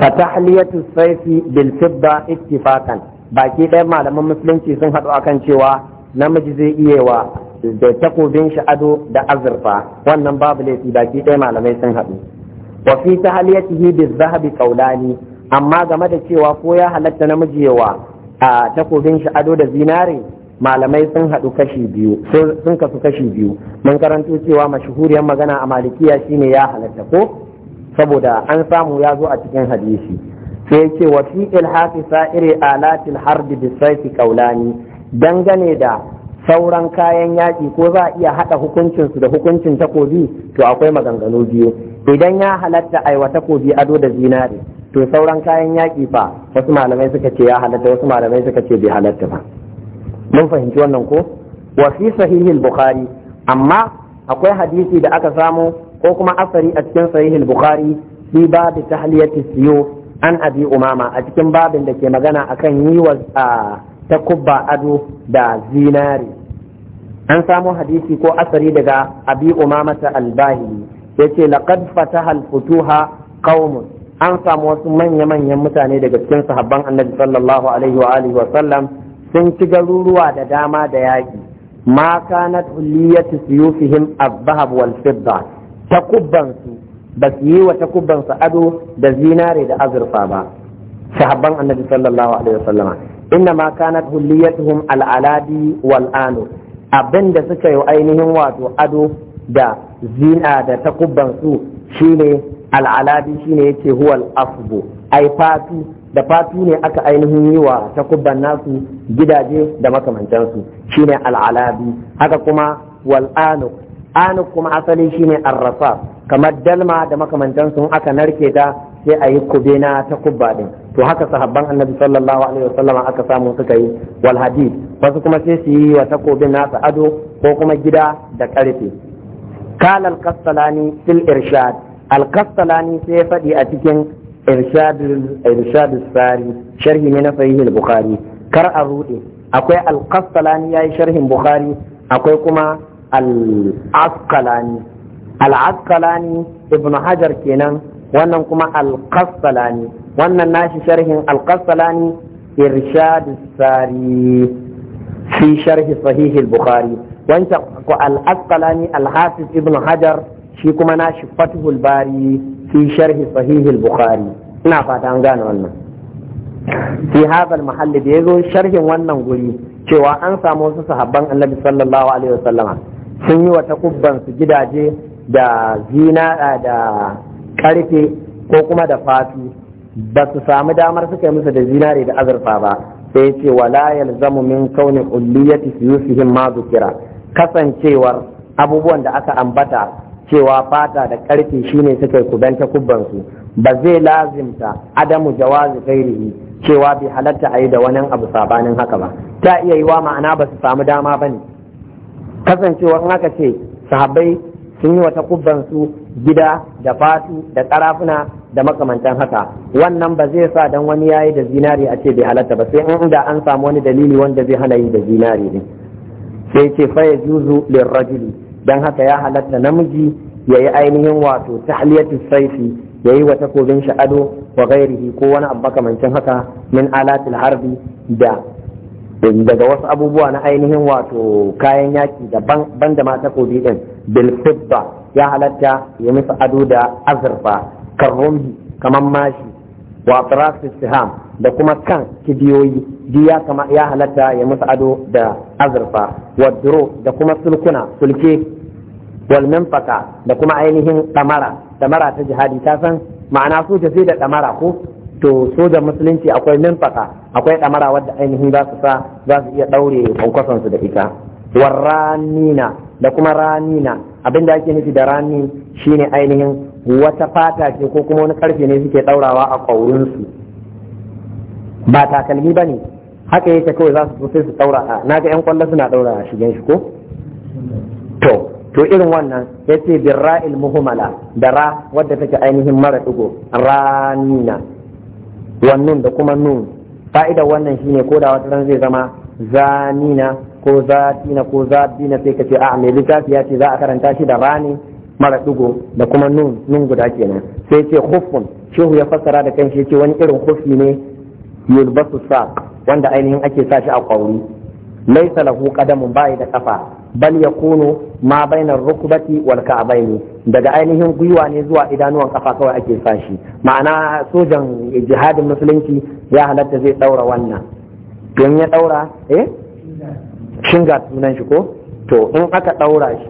A: fatahliyatu saifi bil fidda ittifaqan baki ɗaya malaman musulunci sun haɗu akan cewa namiji zai iya wa da takobin shi ado da azurfa wannan babu laifi baki ɗaya malamai sun haɗu wa fi tahliyatihi bil zahabi qawlani amma game da cewa ko ya halatta namiji yawa a takobin shi ado da zinare malamai sun haɗu kashi biyu sun kasu kashi biyu mun karanto cewa mashahuriyar magana a malikiya shine ya halatta ko saboda an samu ya zo a cikin hadisi sai ce wa fi ilhafi sa'iri alatil harbi bi saifi kaulani dangane da sauran kayan yaƙi ko za a iya haɗa hukuncinsu da hukuncin takobi to akwai maganganu biyu idan ya halatta aiwa takobi ado da zinare to sauran kayan yaƙi fa wasu malamai suka ce ya halatta wasu malamai suka ce bai halatta ba mun fahimci wannan ko wa fi sahihil bukhari amma akwai hadisi da aka samu ko kuma asari a cikin sahihil bukhari fi babu tahliyati siyo an abi umama a cikin babin da ke magana akan yi wa kubba ado da zinari an samu hadisi ko asari daga abi umama ta albahili yace laqad fataha al-futuha qaumun an samu wasu manya-manyan mutane daga cikin sahabban annabi sallallahu alaihi wa alihi wa sallam sun ci garuruwa da dama da yaƙi ma kanat huliyatu suyufihim az-zahab wal fidda takubban su ba su yi wa takubban su ado da zinare da azurfa ba sahabban annabi sallallahu alaihi wasallama inna ma kanat huliyatuhum al-aladi wal anu abinda suka yi ainihin wato ado da zina da takubban su shine al-aladi shine yace huwal asbu ai fatu da fatu ne aka ainihin yi wa takubban nasu gidaje da makamancansu shine al'alabi haka kuma wal anuk kuma asali shine arrasa kamar dalma da makamantansu aka narke ta sai a yi kube na takubba din to haka sahabban annabi sallallahu alaihi wasallam aka samu suka yi wal hadid wasu kuma sai su yi wa takobin nasa ado ko kuma gida da karfe kalal kastalani fil irshad al kastalani sai faɗi a cikin irshadus sari sharhi ne na sahihul bukhari kar a rude akwai al-qastalani yayi sharhin bukhari akwai kuma al-asqalani al-asqalani ibn hajar kenan wannan kuma al-qastalani wannan nashi sharhin al-qastalani irshadus sari fi sharhi sahihul bukhari wancan ko al-asqalani al-hafiz ibn hajar shi kuma nashi fathul bari في sharhi sahihil bukhari ina fata an gane wannan fi hadal mahalli da zo sharhin wannan guri cewa an samu wasu sahabban annabi sallallahu alaihi wasallama sun yi wa takubban su gidaje da zina da karfe ko kuma da fatu ba su samu damar suka yi musu da zinare da azurfa ba sai ce wala yalzamu min kauni ulliyati suyusihim ma zukira kasancewar abubuwan da aka ambata cewa fata da karfe shine suka kubanta kubban su ba zai lazimta adamu jawazi ghairihi cewa bai halatta ayi da wani abu sabanin haka ba ta iya yiwa ma'ana ba su samu dama ba ne kasancewar haka ce sahabbai sun yi wata kubban su gida da fatu da karafuna da makamantan haka wannan ba zai sa dan wani yayi da zinari a ce bai halatta ba sai in da an samu wani dalili wanda zai hana yi da zinari ne sai ce fa yajuzu lirrajuli don haka ya halatta namiji ya yi ainihin wato tahliyatu saifi ya yi wa takobin shi ado wa gairihi ko wani abu haka min alatil harbi da daga wasu abubuwa na ainihin wato kayan yaki da ban da ma takobi din bil ya halatta ya musu ado da azurfa karrumhi kamar mashi wa atrafis siham da kuma kan kibiyoyi duk ya kama ya halatta ya musu ado da azurfa wa da kuma sulkuna sulke wal da kuma ainihin damara damara ta jihadi ta san ma'ana soja sai da damara ko to sojan musulunci akwai minfaka akwai damara wadda ainihin za su sa za su iya daure kwankwason su da ita warranina da kuma ranina abin da ake nufi da rani shine ainihin wata fata ce ko kuma wani karfe ne suke daurawa a kwaurinsu ba takalmi ba ne haka yake kawai za su sai su daura na ga yan kwallo suna daura a shigen shi ko to to irin wannan ya ce birra'il muhumala da ra wadda take ainihin mara dugo ranina wannan da kuma nun fa'idar wannan shine ko da wata ran zai zama zanina ko zatina ko zabina sai ka ce a ah, mai littafi ya ce za a karanta shi da rani mara dugo da kuma nun nun guda kenan sai ce hufun shehu ya fassara da kanshi ce wani irin hufi ne yulbasu saq wanda ainihin ake sa shi a kwauri laisa lahu qadamun bai da kafa bal ya yakunu ma bainar rukbati wal ka'baini daga ainihin gwiwa ne zuwa idanuwan kafa kawai ake sashi ma'ana sojan jihadin musulunci ya halatta zai daura wannan don ya daura eh shinga sunan shi ko to in aka daura shi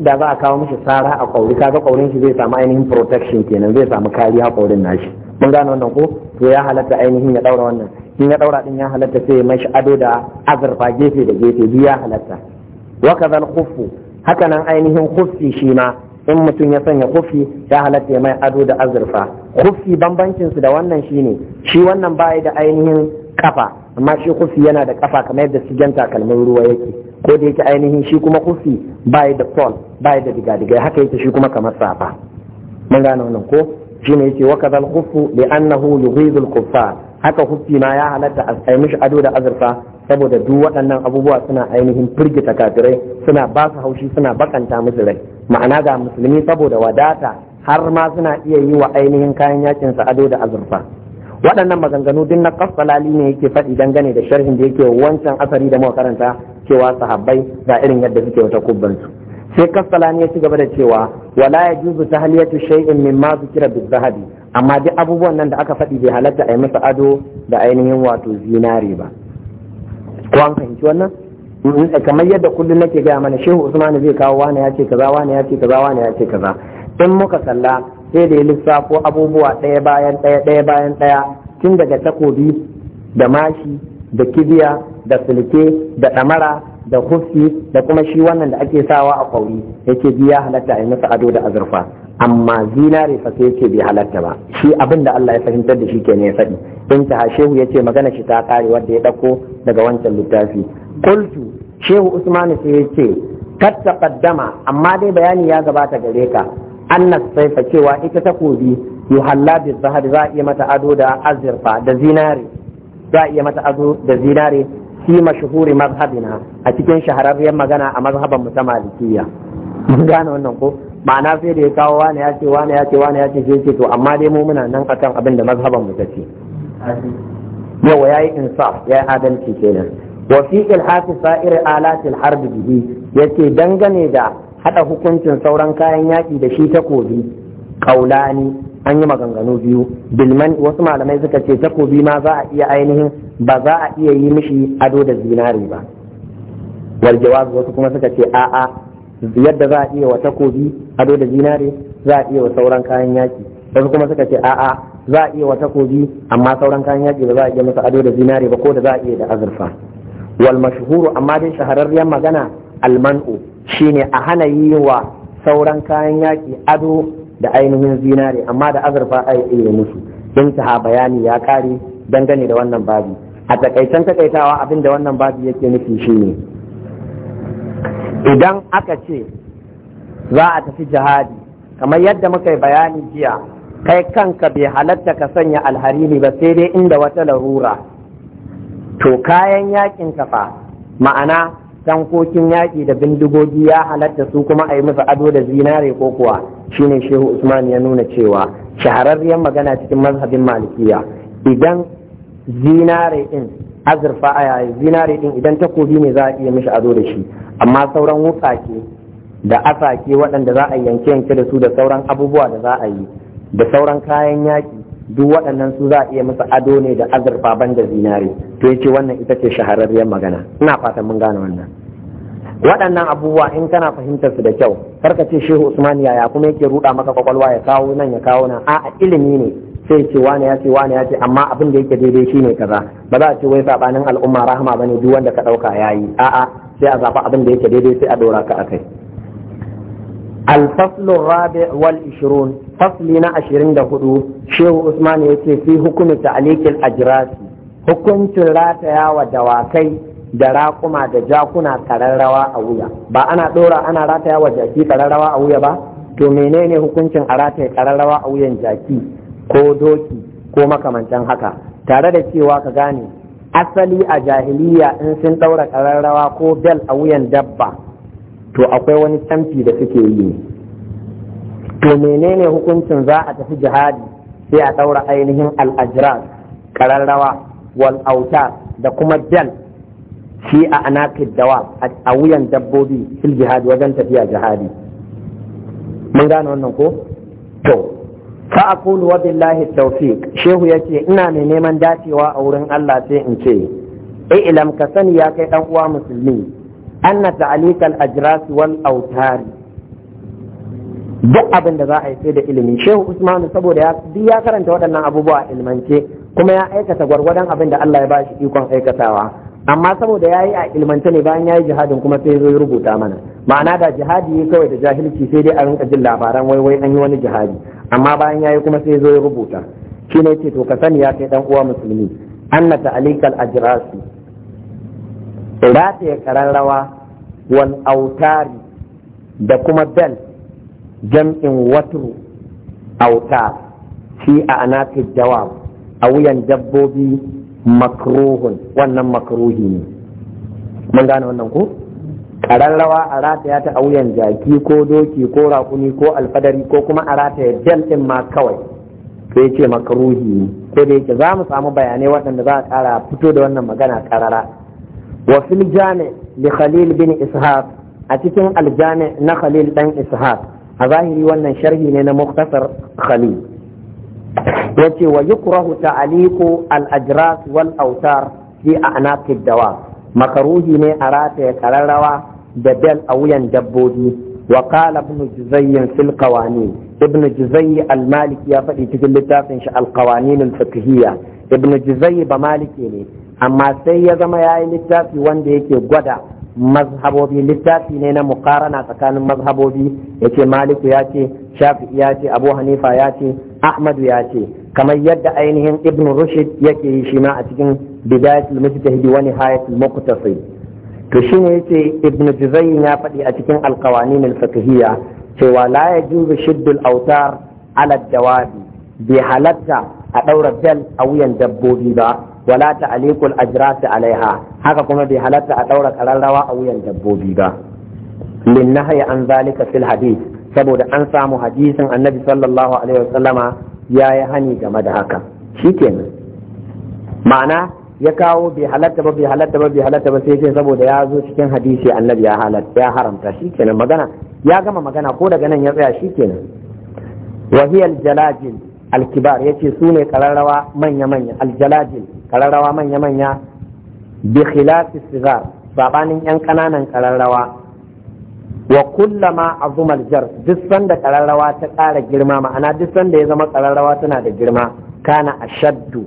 A: da za a kawo mishi tsara a kauri kaga kaurin shi zai samu ainihin protection kenan zai samu kariya kaurin nashi mun gane wannan ko to ya halatta ainihin ya daura wannan in ya daura din ya halatta sai mai mashi ado da azurfa gefe da gefe biyu ya halatta wa kadhal haka nan ainihin khuffi shi ma in mutum ya sanya kufi ya halatta mai ado da azurfa kufi su da wannan shine shi wannan bai da ainihin kafa amma shi kufi yana da kafa kamar yadda janta takalmin ruwa yake ko da yake ainihin shi kuma kufi bai da pol bai da digadigai haka yake shi kuma kamar safa mun gane wannan ko ne yake wa kadhal kufu li annahu kuffar haka kufi ma ya halatta a mishi ado da azurfa saboda duk waɗannan abubuwa suna ainihin firgita kafirai suna ba su haushi suna bakanta musu rai ma'ana ga musulmi saboda wadata har ma suna iya yi wa ainihin kayan yakin sa ado da azurfa waɗannan maganganu duk na kasalali ne yake faɗi dangane da sharhin da yake wancan asari da muka karanta cewa sahabbai ga irin yadda suke wata kubbansu sai kasalani ya ci gaba da cewa wala ya yajuzu tahliyatu shay'in mimma zikira bizahabi amma duk abubuwan nan da aka faɗi bai halatta a yi masa ado da ainihin wato zinare ba ko an fahimci wannan eh, kamar yadda kullum nake gaya mana shehu Usman zai kawo wani ya ce kaza wani ya ce kaza wani ya ce kaza in muka salla sai da ya lissafo abubuwa ɗaya bayan ɗaya ɗaya bayan ɗaya tun daga takobi da mashi da kibiya da sulke da ɗamara da hufi, da kuma shi wannan da ake sawa a kwauri yake biya halatta a yi masa ado da azurfa amma zinare fa sai yake bai halatta ba shi abin da Allah ya fahimtar da shi kenan ya faɗi don ta shehu ya ce magana shi ta kare wanda ya ɗauko daga wancan littafi kultu shehu usman sai yace kat taqaddama amma dai bayani ya gabata gare ka anna saifa cewa ita takobi yuhalla bi zahar za iya mata ado da azirfa da zinare za iya mata ado da zinare fi mashhuri mazhabina a cikin shahararren magana a mazhaban mu ta mun gane wannan ko ma'ana sai da ya kawo wani ya ce wani ya ce wani ya ce sai ce to amma dai mu muna nan akan abin da mazhaban mu tace yawa yi insaf yi adalci kenan wa fi ilhafi sa'ir alati al-harb bihi yace dangane da hada hukuncin sauran kayan yaki da shi takobi kaulani an yi maganganu biyu bilman wasu malamai suka ce takobi ma za a iya ainihin ba za a iya yi mishi ado da zinari ba wal jawaz wasu kuma suka ce a'a yadda za a iya wa takobi ado da zinare za a iya wa sauran kayan yaki wasu kuma suka ce a'a za a iya wa takobi amma sauran kayan yaki ba za a iya masa ado da zinare ba ko da za a iya da azurfa wal mashhuru amma dai shahararriyar magana Almanu shine a hana yi wa sauran kayan yaki ado da ainihin zinare amma da azurfa a iya musu in ta bayani ya kare dangane da wannan babi a takaicen takaitawa abinda wannan babi yake nufi shine idan aka ce za a tafi jihadi kamar yadda muka yi bayani jiya kai kanka bai halatta ka sanya alharini ba sai dai inda wata larura to kayan yakin kafa ma'ana tankokin yaƙi da bindigogi ya halatta su kuma a yi musu ado da zinare ko kuwa shine shehu usman ya nuna cewa shahararriyar magana cikin mazhabin malikiya idan zinare din azurfa a zinare din idan takobi ne za a iya mishi azo da shi amma sauran wutsake da asake waɗanda za a yanke yanke da su da sauran abubuwa da za a yi da sauran kayan yaƙi duk waɗannan su za a iya masa ado ne da azurfa ban banda zinare to yace wannan ita ce shahararriyar magana ina fatan mun gane wannan waɗannan abubuwa in kana fahimtar su da kyau karka ce shehu usman yaya kuma yake ruɗa maka kwakwalwa ya kawo nan ya kawo nan a'a ilimi ne sai ce wani ya ce wani ya ce amma abin da yake daidai shine kaza ba za a ce wai sabanin al'umma rahama bane duk wanda ka dauka yayi a'a sai a zafa abin da yake daidai sai a dora ka akai الفصل na والعشرون فصلنا usman دهدو شيخ عثمان يتي alikil حكم تعليق الأجراس حكم wa dawakai da raƙuma da jakuna kararrawa a wuya ba ana ɗora ana rataya wa jaki kararrawa a wuya ba to menene hukuncin a rataya kararrawa a wuyan jaki ko doki ko makamancin haka tare da cewa ka gane asali a jahiliya in sun ɗaura ƙararrawa ko bel a wuyan dabba to akwai wani canfi da suke yi to menene hukuncin za a tafi jihadi sai a ɗaura ainihin al'ajiran ƙararrawa wal auta da kuma bel shi a anakid dawa a wuyan dabbobi fil jihadi wajen tafiya jihadi mun gane wannan ko to fa aqulu wa billahi tawfiq shehu yace ina mai neman dacewa a wurin Allah sai in ce ai ilam ka sani ya kai dan uwa musulmi anna al ajras wal autari duk abin da za a yi sai da ilimi shehu usmanu saboda ya duk ya karanta waɗannan abubuwa ilmance kuma ya aikata gwargwadon abin da Allah ya ba shi ikon aikatawa amma saboda ya yi a ilmance ne bayan ya yi jihadin kuma sai zo rubuta mana ma'ana da jihadi kawai da jahilci sai dai a rinka jin labaran wai wai an yi wani jihadi amma bayan yayi kuma sai zo ya rubuta shi ne ce to ka sani ya kai dan uwa musulmi anna ta'alikal ajrasi rataye rawa wal autari da kuma bel jam'in watru Auta shi a jawab a wuyan dabbobi makruhun wannan makruhi ne mun gane wannan ko ƙararrawa a rataya ta a wuyan jaki ko doki ko raƙumi ko alfadari ko kuma a rataya jal ɗin ma kawai sai ce makaruhi ne ko da yake za mu samu bayanai waɗanda za a ƙara fito da wannan magana ƙarara wa fil jami li khalil bin ishaq a cikin al aljami na khalil dan ishaq a zahiri wannan sharhi ne na muktasar khalil yace wa yukrahu ta'liqu al-ajras wal awtar fi a'naqid dawa makaruhi ne a rataya kararrawa. da bel a wuyan dabbobi wa qala ibn juzayy fil qawanin ibn al maliki ya faɗi cikin littafin shi al qawanin al fiqhiyya ibn ba maliki ne amma sai ya zama yayi littafi wanda yake gwada mazhabobi littafi ne na mukarana tsakanin mazhabobi yace maliku ya ce Shafi'i ya ce abu hanifa ya ce ahmadu ya ce kamar yadda ainihin ibn rushd yake yi shi ma a cikin bidayatul mujtahidi wa nihayatul muqtasid to shine yace ibn juzayn ya faɗi a cikin alqawanin al cewa la yajuzu shiddul autar ala dawabi bi halatta a daura bel a wuyan dabbobi ba wala ta'liqul ajrasi alaiha haka kuma bi halatta a daura kararrawa a wuyan dabbobi ba lin nahyi an zalika fil hadith saboda an samu hadisin annabi sallallahu alaihi wasallama ya yi hani game da haka shikenan ma'ana ya kawo bai halatta ba bai halatta ba bai halatta ba sai ce saboda ya zo cikin hadisi annabi ya halatta ya haramta shikenan magana ya gama magana ko daga nan ya tsaya shikenan wahiyal Aljalajil alkibar yace su ne kararrawa manya manya aljalajil kararrawa manya manya bi khilafi sigar sabanin yan kananan kararrawa wa kullama azuma jar duk sanda kararrawa ta ƙara girma ma'ana duk sanda ya zama kararrawa tana da girma kana ashaddu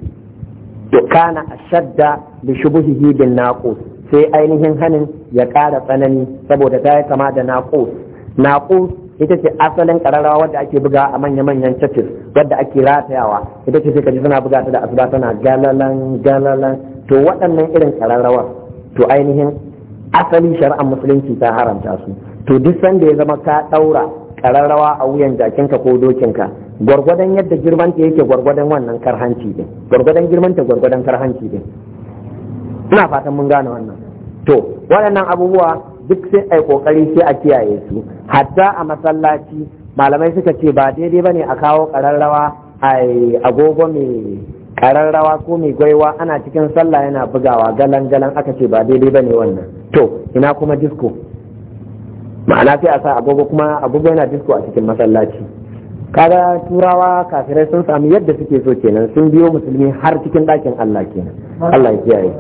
A: kana ashadda bi shubuhihi bin naqus sai ainihin hanin ya ƙara tsanani saboda ta yi kama da naqus naqus ita ce asalin kararrawa wadda ake buga a manya-manyan churches wadda ake ratayawa ita ce sai kaji suna buga ta da asuba tana galalan galalan to waɗannan irin kararrawa to ainihin asali shari'ar musulunci ta haramta su to duk sanda ya zama ka ɗaura kararrawa a wuyan jakinka ko dokinka gwargwadon yadda girman ta yake gwargwadon wannan karhanci din gwargwadon girman ta gwargwadon karhanci din ina fatan mun gane wannan to waɗannan abubuwa duk sai ai kokari sai a kiyaye su hatta a masallaci malamai suka ce ba daidai bane a kawo kararrawa ai agogo mai kararrawa ko mai gwaiwa ana cikin sallah yana bugawa galan galan aka ce ba daidai bane wannan to ina kuma disco ma'ana sai a sa agogo kuma agogo yana disco a cikin masallaci kaga turawa kafirai sun sami yadda suke so kenan sun biyo musulmi har cikin ɗakin Allah kenan Allah ya kiyaye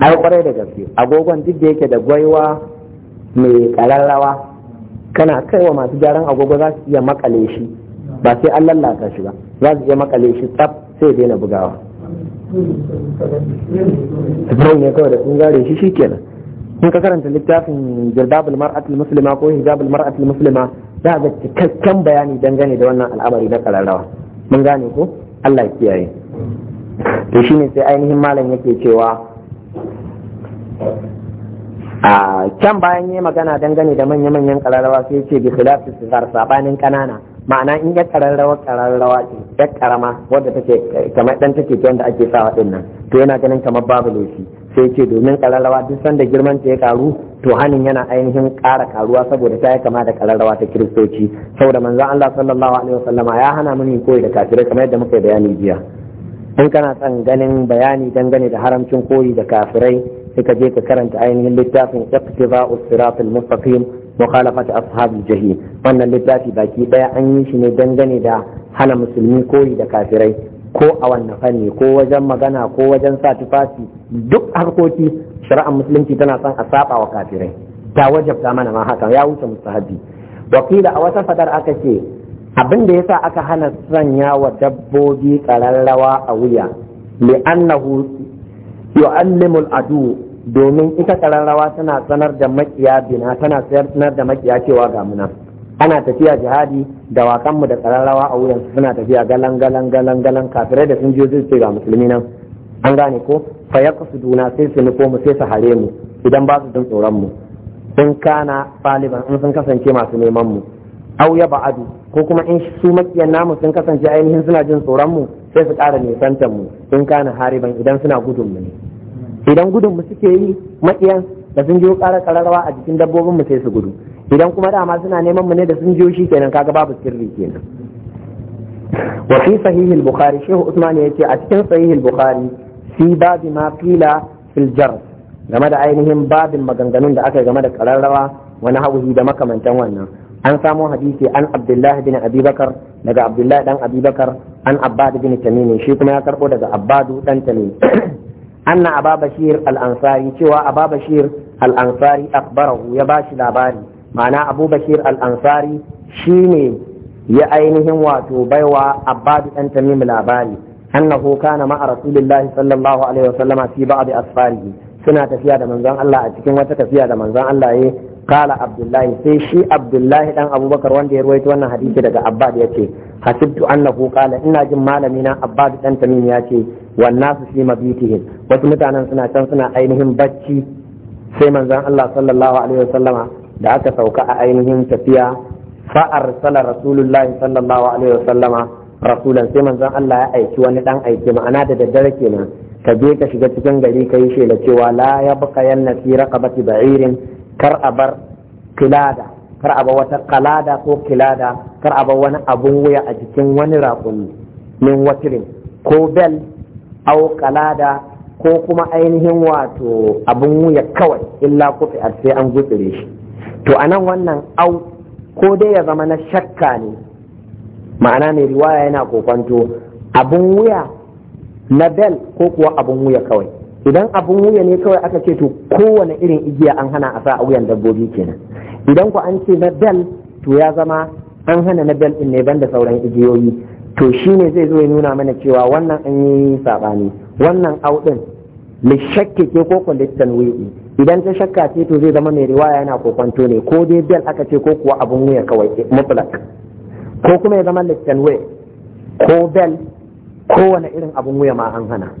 A: A yi kwarai da gaske agogon duk da yake da gwaiwa mai kararrawa kana kaiwa masu gyaran agogo za su iya makale shi ba sai an lallata shi ba za su iya makale shi tsaf sai daina bugawa. Tsibirai ne kawai da sun gare shi shi kenan. in ka karanta littafin jirbabul mar'atul muslima ko hijabul mar'atul muslima za ga cikakken bayani dangane da wannan al'amari na kararrawa mun gane ko Allah ya kiyaye to shine sai ainihin malam yake cewa a can bayan yi magana dangane da manya-manyan kararrawa sai ce bi khilafi sigar sabanin kanana ma'ana in ya kararrawa kararrawa ce ya karama wadda take kamar dan take wanda ake sawa din nan to yana ganin kamar babu laifi sai ce domin kararrawa duk sanda girman ta ya karu to hanin yana ainihin kara karuwa saboda ta yi kama da kararrawa ta kiristoci saboda manzon Allah sallallahu alaihi wasallama ya hana mini koyi da kafirai kamar yadda muka yi bayani jiya in kana son ganin bayani dangane da haramcin koyi da kafirai sai ka je ka karanta ainihin littafin iqtiba'us siratal mustaqim mukhalafat ashabil jahim wannan littafi baki daya an yi shi ne dangane da hana musulmi koyi da kafirai ko a wannan fanni ko wajen magana ko wajen sa tufafi duk harkoki shari'ar musulunci tana son a saba wa kafirai ta wajabta mana ma haka ya wuce mustahabi wakila a wata fadar aka ce abin da yasa aka hana sanya wa dabbobi kararrawa a wuya li'annahu yu'allimu al'adu domin ita kararrawa tana sanar da makiya bina tana sanar da makiya cewa ga munafiki ana tafiya jihadi da wakanmu da tsararrawa a wuyan suna tafiya galan galan galan galan kafirai da sun jiyo su ga musulmi nan an gane ko fa duna sai su nufo mu sai su hare mu idan ba su jin tsoron mu in kana faliban in sun kasance masu neman mu au ya ba'adu ko kuma in su makiyan namu sun kasance ainihin suna jin tsoron mu sai su ƙara nisantar mu in kana hariban idan suna gudun mu ne idan gudun mu suke yi makiyan da sun jiyo ƙara ƙararrawa a jikin dabbobin mu sai su gudu idan kuma dama suna neman mu ne da sun jiyo shi kenan kaga babu sirri kenan wa fi sahih al-bukhari shehu usman yace a cikin sahih al-bukhari fi babi ma qila fil jar game da ainihin babin maganganun da aka game da kararrawa wani hauhi da makamantan wannan an samo hadisi an abdullahi bin abubakar daga abdullahi dan abubakar an abbad bin tamimi shi kuma ya karbo daga abbadu dan tamimi anna a bashir al-ansari cewa aba al-ansari akbarahu ya bashi labari ma'ana abu bashir al-ansari ne ya ainihin wato baiwa abadu ɗan tamim labari annahu kana ma'a rasulillahi sallallahu alaihi wasallama fi ba'd asfarihi suna tafiya da manzon Allah a cikin wata tafiya da manzon Allah ya kala abdullahi sai shi abdullahi dan abubakar wanda ya ruwaito wannan hadisi daga abbad ya ce hasibtu annahu kala ina jin malami na abbad dan tamim ya ce wan nasu fi mabitihim wasu mutanen suna can suna ainihin bacci sai manzon Allah sallallahu alaihi wasallama da aka sauka a ainihin tafiya fa arsala rasulullahi sallallahu alaihi wasallama rasulan sai manzon Allah ya aiki wani dan aiki ma'ana da daddare kenan ka je ka shiga cikin gari ka yi shela cewa la ya baka yanna fi raqabati ba'irin kar a bar kilada kar a wata kalada ko kilada kar a bar wani abun wuya a jikin wani raƙumi min watirin ko bel au kalada ko kuma ainihin wato abun wuya kawai illa kufi sai an gutsire shi to a nan wannan au ko dai ya zama na shakka ne ma'ana mai riwaya yana kokonto abun wuya na bel ko kuwa abun wuya kawai idan abun wuya ne kawai aka ce to kowane irin igiya an hana a sa a wuyan dabbobi kenan idan ku an ce na bel to ya zama an hana na bel din ne banda sauran igiyoyi to shi ne zai zo ya nuna mana cewa wannan an yi sabani wannan au din li shakki ce ko kun tanwi'i idan ta shakka ce to zai zama mai riwaya yana kokwanto ne ko dai bel aka ce ko kuwa abun wuya kawai eh, mutlak ko kuma ya zama li tanwi ko bel ko wani irin abun wuya ma an hana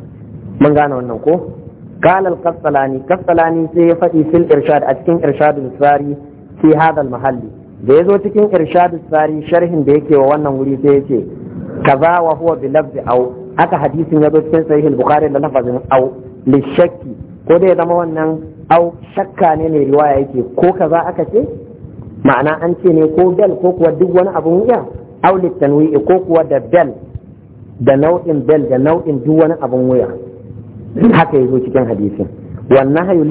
A: mun gane wannan ko Kalal قال القسطلاني قسطلاني سيفتي في الإرشاد أتكين إرشاد الساري في هذا المحل da ya zo cikin irshadu tsari sharhin da yake wa wannan wuri sai yace kaza wa huwa bi au haka hadisin ya zo cikin sahih bukhari da lafazin au lishakki ko dai zama wannan au shakka ne mai riwaya yake ko kaza aka ce ma'ana an ce ne ko bel ko kuwa duk wani abun wuya au littan litanwi'i ko kuwa da bel da nau'in bel da nau'in duk wani abun wuya haka yazo cikin hadisin wannan hayu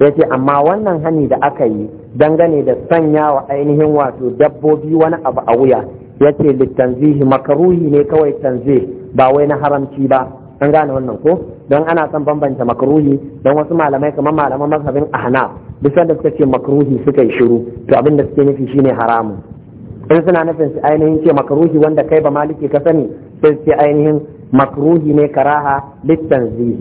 A: ya ce amma wannan hani da aka yi dangane da sanya wa ainihin wato dabbobi wani abu a wuya ya yace zihi makaruhi ne kawai tanzih ba wai na haramci ba an gane wannan ko don ana son bambanta makruhi don wasu malamai kamar malaman mazhabin ahna duk sanda suka ce makruhi suka yi shiru to abin da suke nufi shine haramun in suna nufin su ainihin ce makruhi wanda kai ba maliki ka sani sai su ce ainihin makruhi ne karaha littanzihi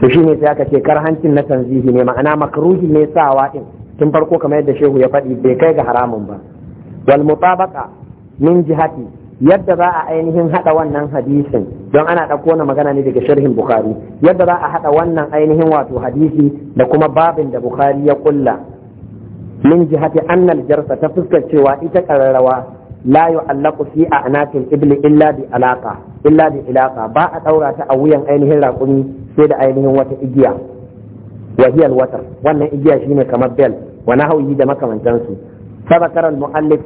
A: to shine sai aka ce karhancin na tanzihi ne ma'ana makruhi ne sawa din tun farko kamar yadda shehu ya faɗi bai kai ga haramun ba wal mutabaqa min jihati yadda za a ainihin hada wannan hadisin don ana ɗauko na magana ne daga sharhin bukhari yadda za a hada wannan ainihin wato hadisi da kuma babin da bukhari ya kulla min jihati annal jarsa ta fuskar cewa ita kararrawa la yu'allaqu fi a'naqil ibli illa bi alaqa illa bi ilaqa ba a daura ta a wuyan ainihin raƙumi sai da ainihin wata igiya wa hiya alwatar wannan igiya shine kamar bel wa nahwihi da makamantansu fa zakara al-mu'allif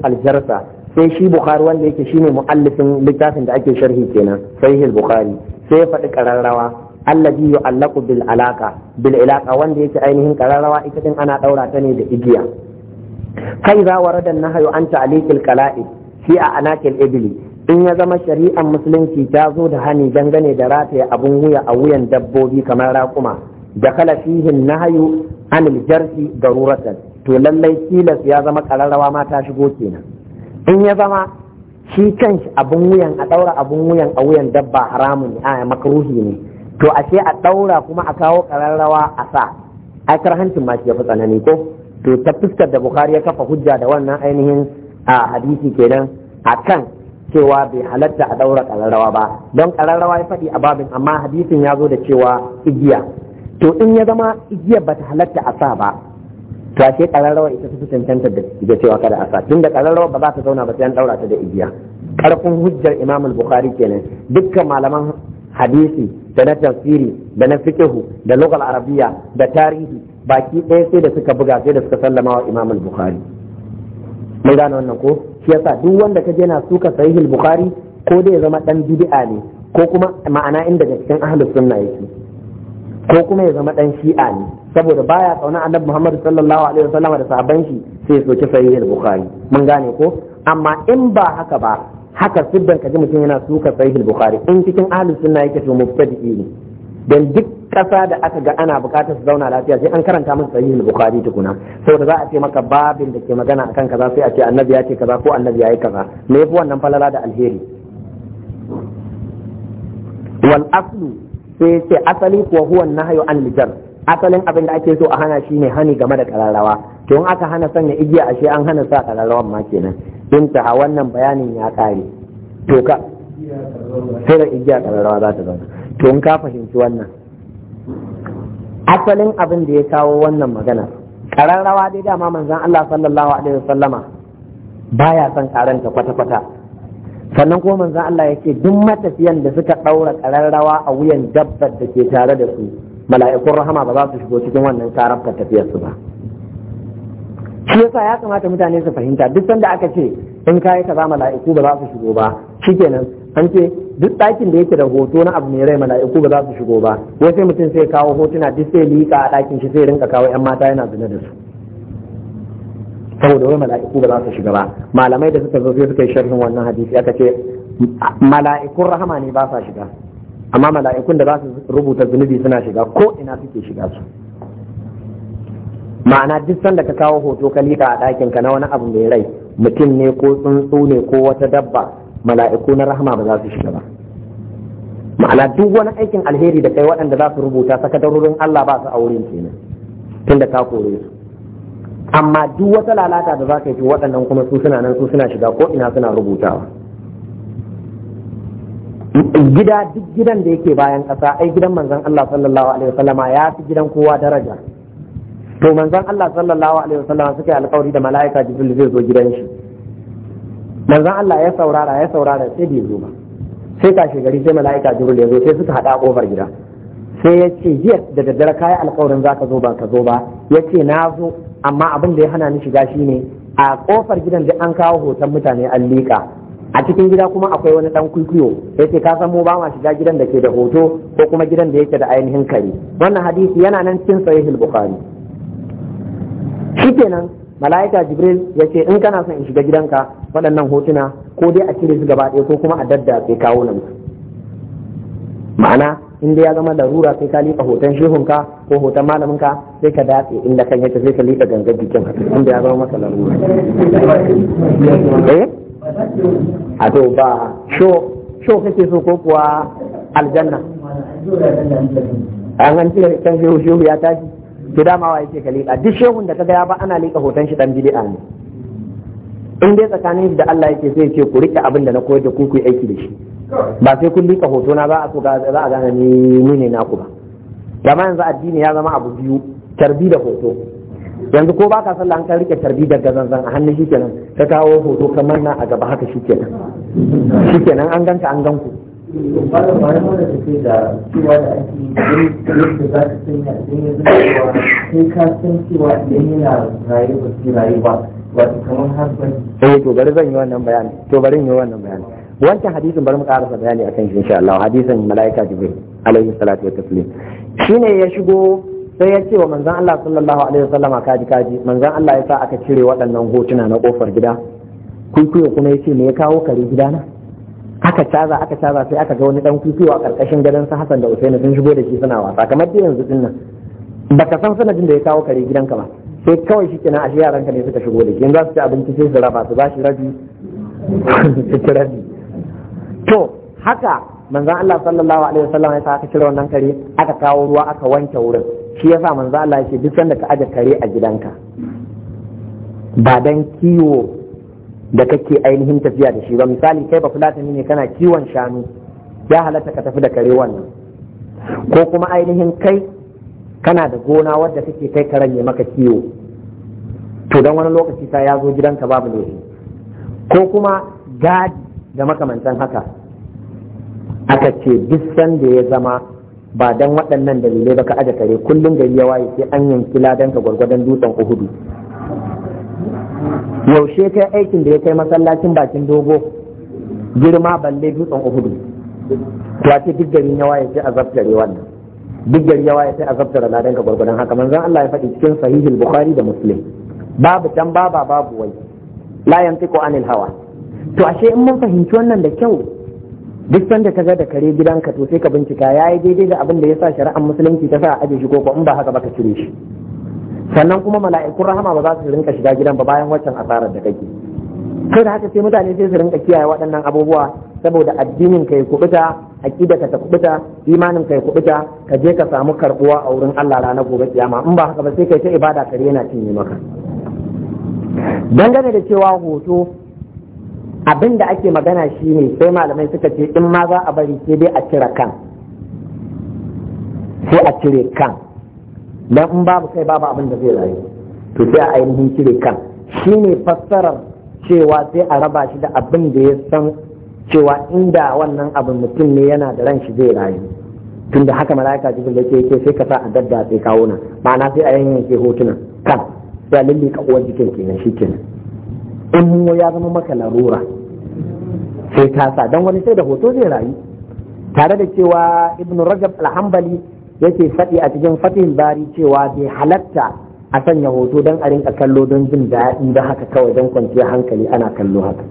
A: sai shi bukhari wanda yake shine muallifin littafin da ake sharhi kenan sahih bukhari sai ya faɗi kararrawa allazi yu'allaqu bil alaqa bil ilaqa wanda yake ainihin kararrawa ita din ana daura ta ne da igiya kai za warada nahyu an ta'liqil qala'id fi a anakil ibli in ya zama shari'ar musulunci ta zo da hani dangane da rataya abun wuya a wuyan dabbobi kamar raƙuma da kala fihin nahyu anil jarfi daruratan to lallai tilas ya zama kararrawa ma ta shigo kenan in ya zama shi kan abin wuyan a ɗaura abin wuyan a wuyan dabba haramun a makaruhi ne to a ce a ɗaura kuma a kawo ƙararrawa a sa ai karhancin ma shi ya fi tsanani ko to ta fuskar da bukari ya kafa hujja da wannan ainihin a hadisi kenan a kan cewa bai halatta a ɗaura ƙararrawa ba don ƙararrawa ya faɗi a babin amma hadisin ya zo da cewa igiya to in ya zama igiyar bata halatta a sa ba to ashe kararrawa ita su fi cancanta da cewa kada a sa tun da kararrawa ba za ta zauna ba sai an daura ta da igiya karfin hujjar imamul al-bukhari kenan dukkan malaman hadisi da na tafsiri da na fiqhu da lugal arabiya da tarihi baki ɗaya sai da suka buga sai da suka sallama wa imam al-bukhari mun gane wannan ko shi yasa duk wanda ka je na suka sahih al-bukhari ko dai ya zama dan bid'a ne ko kuma ma'ana inda cikin ahlus sunna yake ko kuma ya zama dan shi'a ne saboda baya kauna annabi Muhammad sallallahu alaihi wasallam da sahabban shi sai so ki sahih al-bukhari mun gane ko amma in ba haka ba haka siddan kaji mutum yana suka sahih al-bukhari in cikin ahlus sunna yake to mubtadi ne dan duk kasa da aka ga ana bukatar su zauna lafiya sai an karanta musu sahih al-bukhari tukuna saboda za a ce maka babin da ke magana akan kaza sai a ce annabi ya ce kaza ko annabi ya yi kaza me yafi wannan falala da alheri wal aslu sai ce asali kuwa na hayo an lijar asalin abin da ake so a hana shi ne hani game da kararrawa to in aka hana sanya igiya ashe an hana sa kararrawan ma kenan ta wannan bayanin ya kare to ka sai da igiya kararrawa za ta zauna to in ka fahimci wannan asalin abin da ya kawo wannan magana kararrawa dai dama manzon Allah sallallahu alaihi wasallama baya son karanta kwata-kwata sannan kuma manzo Allah yake duk matafiyan da suka daura kararrawa a wuyan dabbar da ke tare da su mala'ikun rahama ba za su shigo cikin wannan karabta tafiyar su ba shi yasa ya kamata mutane su fahimta duk sanda aka ce in ka za mala'iku ba za su shigo ba shikenan an ce duk ɗakin da yake da hoto na abu mai rai mala'iku ba za su shigo ba wai sai mutum sai kawo hotuna duk sai liƙa a ɗakin shi sai rinka kawo 'yan mata yana zina da su saboda wai mala'iku ba za su shiga ba malamai da suka zo sai suka yi sharhin wannan hadisi aka ce mala'ikun rahama ne ba sa shiga amma mala'ikun da za su rubuta zunubi suna shiga ko ina suke shiga su ma'ana duk sanda ka kawo hoto ka lika a ɗakin ka na wani abu mai rai mutum ne ko tsuntsu ne ko wata dabba mala'iku na rahama ba za su shiga ba ma'ana duk wani aikin alheri da kai waɗanda za su rubuta sakadarorin Allah ba su a wurin kenan tunda ka kore su amma duk wata lalata da za ka yi waɗannan kuma su suna nan su suna shiga ko ina suna rubutawa gida duk gidan da yake bayan ƙasa ai gidan manzon Allah sallallahu alaihi wasallama ya fi gidan kowa daraja to manzon Allah sallallahu alaihi wasallama suka yi alƙawari da mala'ika Jibril zai zo gidan shi manzon Allah ya saurara ya saurara sai bai zo ba sai kashi gari sai mala'ika Jibril ya zo sai suka hada kofar gida sai ya ce yes da daddare kayi alkawarin za ka zo ba ka zo ba ya ce na zo amma abin da ya hana ni shiga shi ne. a kofar gidan da an kawo hoton mutane an liƙa a cikin gida kuma akwai wani dan kwikwiyo ya ce ka san mu ba ma shiga gidan da ke da hoto ko kuma gidan da yake da ainihin kare wannan hadisi yana nan cikin sahihul bukhari shikenan mala'ika jibril ya ce in kana son in shiga gidanka waɗannan hotuna ko dai a cire su gaba ɗaya ko kuma a daddatse kawo nan ma'ana in dai ya zama larura sai ka liƙa hoton shehunka ko hoton malaminka sai ka datse inda kan yake sai ka liƙa gangar jikin inda ya zama maka larura eh a to ba sho sho kake so ko kuwa aljanna an an ce kan shehu shehu ya tashi to dama wa yake ka liƙa duk shehun da kaga ya ba ana liƙa hoton shi dan bid'a ne in dai tsakanin da Allah yake sai ce ku rike abin da na koyar da ku ku aiki da shi ba sai kun lika hoto na ba a so za a gane ni ne naku ba dama yanzu addini ya zama abu biyu tarbi da hoto yanzu ko baka sallah an kan rike tarbi daga zanzan a hannun shi kenan ka kawo hoto kamar na a gaba haka shi kenan shi kenan an ganka an ganku sai ka
B: san cewa idan yana rayuwa ba kamar
A: eh to bari zan yi wannan bayani to bari yi wannan bayani wancan hadisin bari mu karasa bayani akan shi insha Allah hadisin malaika jibril alaihi salatu wa taslim shine ya shigo sai ya ce wa manzon Allah sallallahu alaihi wasallama kaji kaji manzon Allah ya sa aka cire waɗannan hotuna na kofar gida kuikuyo kuma ya ce me ya kawo kare gidana aka caza aka caza sai aka ga wani dan kuikuyo a karkashin gadon sa Hassan da Usaini sun shigo da shi suna wasa kamar da yanzu dinnan baka san sanadin da ya kawo kare gidanka ba sai kawai shi kenan ashe ka ne suka shigo da shi za su ci abinci sai su raba su ba shi rabi su ci rabi to haka manzan Allah sallallahu alaihi wasallam ya sa aka cire wannan kare aka kawo ruwa aka wanke wurin shi yasa manzan Allah ya ce duk sanda ka aje kare a gidanka ba dan kiwo da kake ainihin tafiya da shi ba misali kai ba fulatani ne kana kiwon shanu ya halatta ka tafi da kare wannan ko kuma ainihin kai kana da gona wadda kake kai karen ya maka kiwo to dan wani lokaci ta ya zo gidanka babu laifi ko kuma gadi da makamantan haka aka ce duk sanda ya zama ba dan waɗannan dalilai ba ka aje kare kullum gari ya waye sai an yanki ladanka gwargwadon dutsen uhudu yaushe kai aikin da ya kai masallacin bakin dogo girma balle dutsen uhudu to a ce duk gari ya waye sai a zaftare wannan duk yawa ya sai azabtar na ka gwargwadon haka manzon Allah ya faɗi cikin sahihul bukhari da muslim babu can baba babu wai la yantiqu anil hawa to ashe in mun fahimci wannan da kyau duk sanda ka ga da kare gidanka to sai ka bincika yayi daidai da abin da ya sa shari'ar musulunci ta sa a aje shi ko in ba haka ba ka cire shi sannan kuma mala'ikun rahama ba za su rinka shiga gidan ba bayan waccan asarar da kake kai da haka sai mutane sai su rinka kiyaye waɗannan abubuwa saboda addinin ka ya kubuta aqida ta kubuta imanin kai kubuta ka je ka samu karbuwa a wurin Allah rana gobe kiyama in ba haka ba sai kai ta ibada kare yana cinye maka dangane da cewa hoto abinda ake magana shine sai malamai suka ce in ma za a bari sai dai a cire kan sai a cire kan dan in babu kai babu abin da zai rayu to sai a ainihin cire kan shine fassarar cewa sai a raba shi da abin da ya san cewa inda wannan abin mutum ne yana da ran shi zai rayu tunda haka mala'ika da yake yake sai ka sa a dadda sai kawo nan ma'ana sai a yanyanke hotuna. kan ya lalle ka uwar jikin kenan shi kenan in mu ya zama maka larura sai ta sa dan wani sai da hoto zai rayu tare da cewa ibn rajab al-hanbali yake faɗi a cikin fatihul bari cewa bai halatta a sanya hoto don a rinka kallo don jin daɗi da haka kawai don kwanciyar hankali ana kallo haka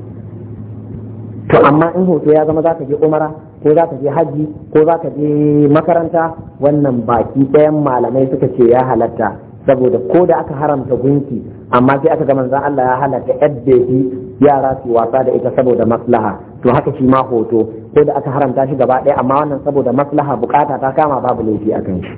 A: to amma in hoto ya zama za ka je umara ko za ka je hajji ko za ka je makaranta wannan baki ɗayan malamai suka ce ya halatta saboda ko da aka haramta gunki amma sai aka ga manzon Allah ya halatta yadda yara su wasa da ita saboda maslaha to haka shi ma hoto ko da aka haramta shi gaba ɗaya amma wannan saboda maslaha bukata ta kama babu laifi a kan shi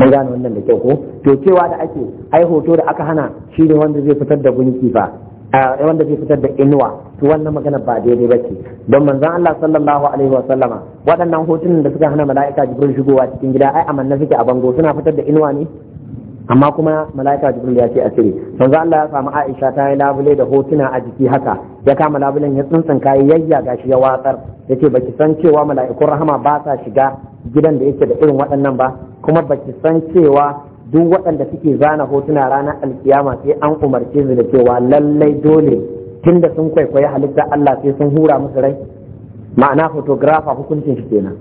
A: mun gane wannan da kyau ko to cewa da ake ai hoto da aka hana shi ne wanda zai fitar da gunki ba wanda zai fitar da inuwa to wannan magana ba daidai ba ce don manzon Allah sallallahu alaihi wa sallama waɗannan hotunan da suka hana mala'ika jibril shigowa cikin gida ai amanna suke a bango suna fitar da inuwa ne amma kuma mala'ika jibril ya ce a cire manzon Allah ya samu Aisha ta yi labule da hotuna a jiki haka ya kama labulen ya tsuntsun kai yayya gashi ya watsar yace baki san cewa mala'ikun rahama ba sa shiga gidan da yake da irin waɗannan ba kuma baki san cewa duk waɗanda suke zana hotuna ranar alkiyama sai an umarce su da cewa lallai dole tun da sun kwaikwayi halitta Allah sai sun hura musu rai ma'ana fotografa hukuncin shi kenan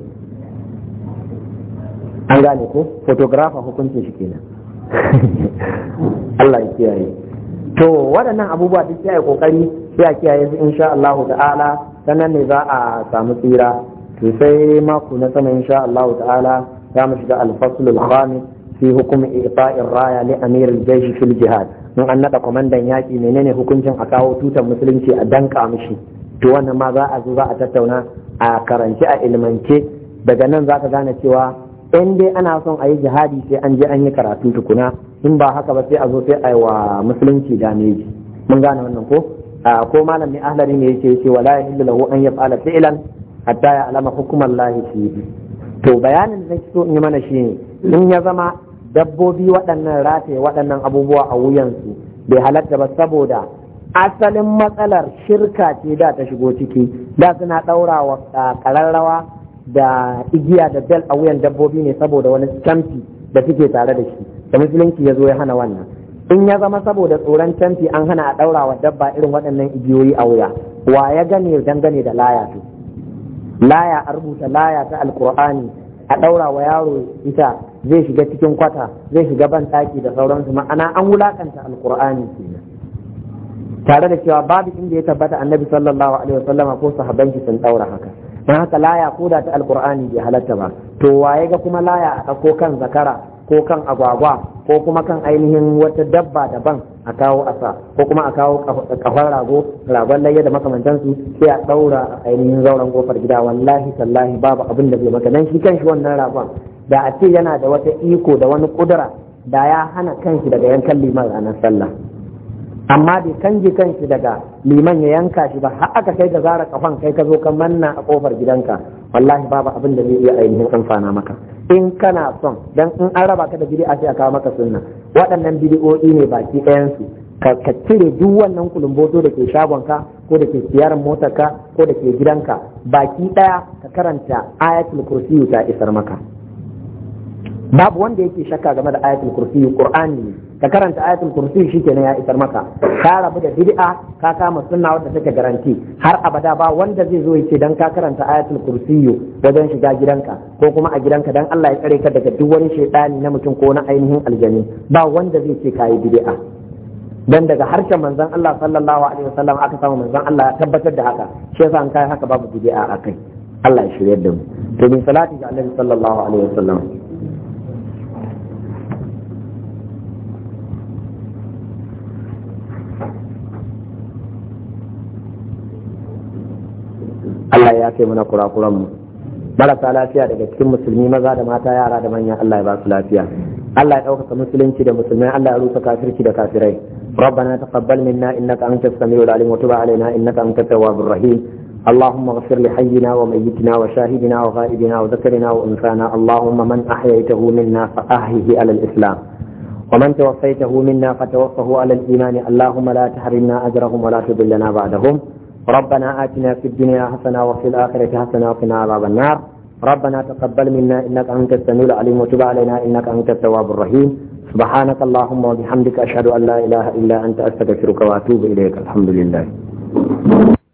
A: an gane ko fotografa hukuncin shi kenan Allah ya kiyaye to waɗannan abubuwa duk sai a kokari sai a kiyaye su insha Allah ta'ala sanan ne za a samu tsira to sai mako na sama insha Allah ta'ala za mu shiga al-faslul khamis fi ifa'in raya li amirul jaysh fil jihad mun an naɗa kwamandan yaki menene hukuncin a kawo tutar musulunci a danka mishi to wannan ma za a zo za a tattauna a karanci a ilmance daga nan zaka gane cewa in dai ana son a yi jihadi sai an je an yi karatu tukuna in ba haka ba sai a zo sai a yi wa musulunci dameji mun gane wannan ko ko malam mai ahlari ne yake yake wala yahillu lahu an yaf'ala fi'lan hatta ya alama hukuman lahi to bayanin da nake so in yi mana shine in ya zama dabbobi waɗannan rataye waɗannan abubuwa a wuyansu bai halatta ba saboda asalin matsalar shirka ce da ta shigo ciki da suna ɗaura wa ƙararrawa da igiya da bel a wuyan dabbobi ne saboda wani camfi da suke tare da shi da musulunci ya zo ya hana wannan in ya zama saboda tsoron camfi an hana a ɗaura wa dabba irin waɗannan igiyoyi a wuya wa ya gane dangane da laya to laya a rubuta laya ta alkur'ani a ɗaura wa yaro ita zai shiga cikin kwata zai shiga ban taki da sauransu ma'ana an wulakanta alkur'ani kenan tare da cewa babu inda ya tabbata annabi sallallahu alaihi wasallama ko sahabban shi sun daura haka don haka laya ko da ta Alƙur'ani bai halatta ba to waye ga kuma laya a ko kan zakara ko kan agwagwa ko kuma kan ainihin wata dabba daban a kawo asa ko kuma a kawo kafar rago ragon layya da makamantansu sai a daura ainihin zauren kofar gida wallahi tallahi babu abin da zai maka dan shi kan shi wannan ragon da a ce yana da wata iko da wani kudura da ya hana kanshi daga yankan liman ranar sallah amma bai kanji kanshi daga liman ya yanka shi ba har aka kai ga zara kafan kai ka zo ka manna a kofar gidanka wallahi babu abin da zai iya ainihin amfana maka in kana son dan in an raba ka da bid'a sai a kawo maka sunna waɗannan bid'o'i ne baki ɗayan su ka cire duk wannan kulumboto da ke ka, ko da ke siyarar ka, ko da ke gidanka baki ɗaya ka karanta ayatul kursiyu ta isar maka babu wanda yake shakka game da ayatul kursi qur'ani ka karanta ayatul kursi shikenan ya isar maka ka rabu da bid'a ka kama sunna wanda take garanti har abada ba wanda zai zo yace dan ka karanta ayatul kursi wajen shiga gidanka ko kuma a gidanka dan Allah ya tsare ka daga duk wani shaytani na mutum ko na ainihin aljani ba wanda zai ce kai bid'a dan daga harshen manzon Allah sallallahu alaihi wasallam aka samu manzon Allah ya tabbatar da haka shi yasa an kai haka babu bid'a akai Allah ya shiryar da mu to bin salati ga Annabi sallallahu alaihi wasallam Allah ya kai mana kurakuran mu marasa lafiya daga cikin musulmi maza da mata yara da manya Allah ya ba su lafiya Allah ya ɗaukaka musulunci da musulmai Allah ya rusa kafirci da kafirai ربنا تقبل منا انك انت السميع العليم وتب علينا انك انت التواب الرحيم اللهم اغفر لحينا وميتنا وشاهدنا وغائبنا وذكرنا وانثانا اللهم من احييته منا فاحيه على الاسلام ومن توفيته منا فتوفه على الايمان اللهم لا تحرمنا اجرهم ولا تضلنا بعدهم ربنا آتنا في الدنيا حسنة وفي الآخرة حسنة وقنا عذاب النار ربنا تقبل منا إنك أنت السميع العليم وتب علينا إنك أنت التواب الرحيم سبحانك اللهم وبحمدك أشهد أن لا إله إلا أنت أستغفرك وأتوب إليك الحمد
B: لله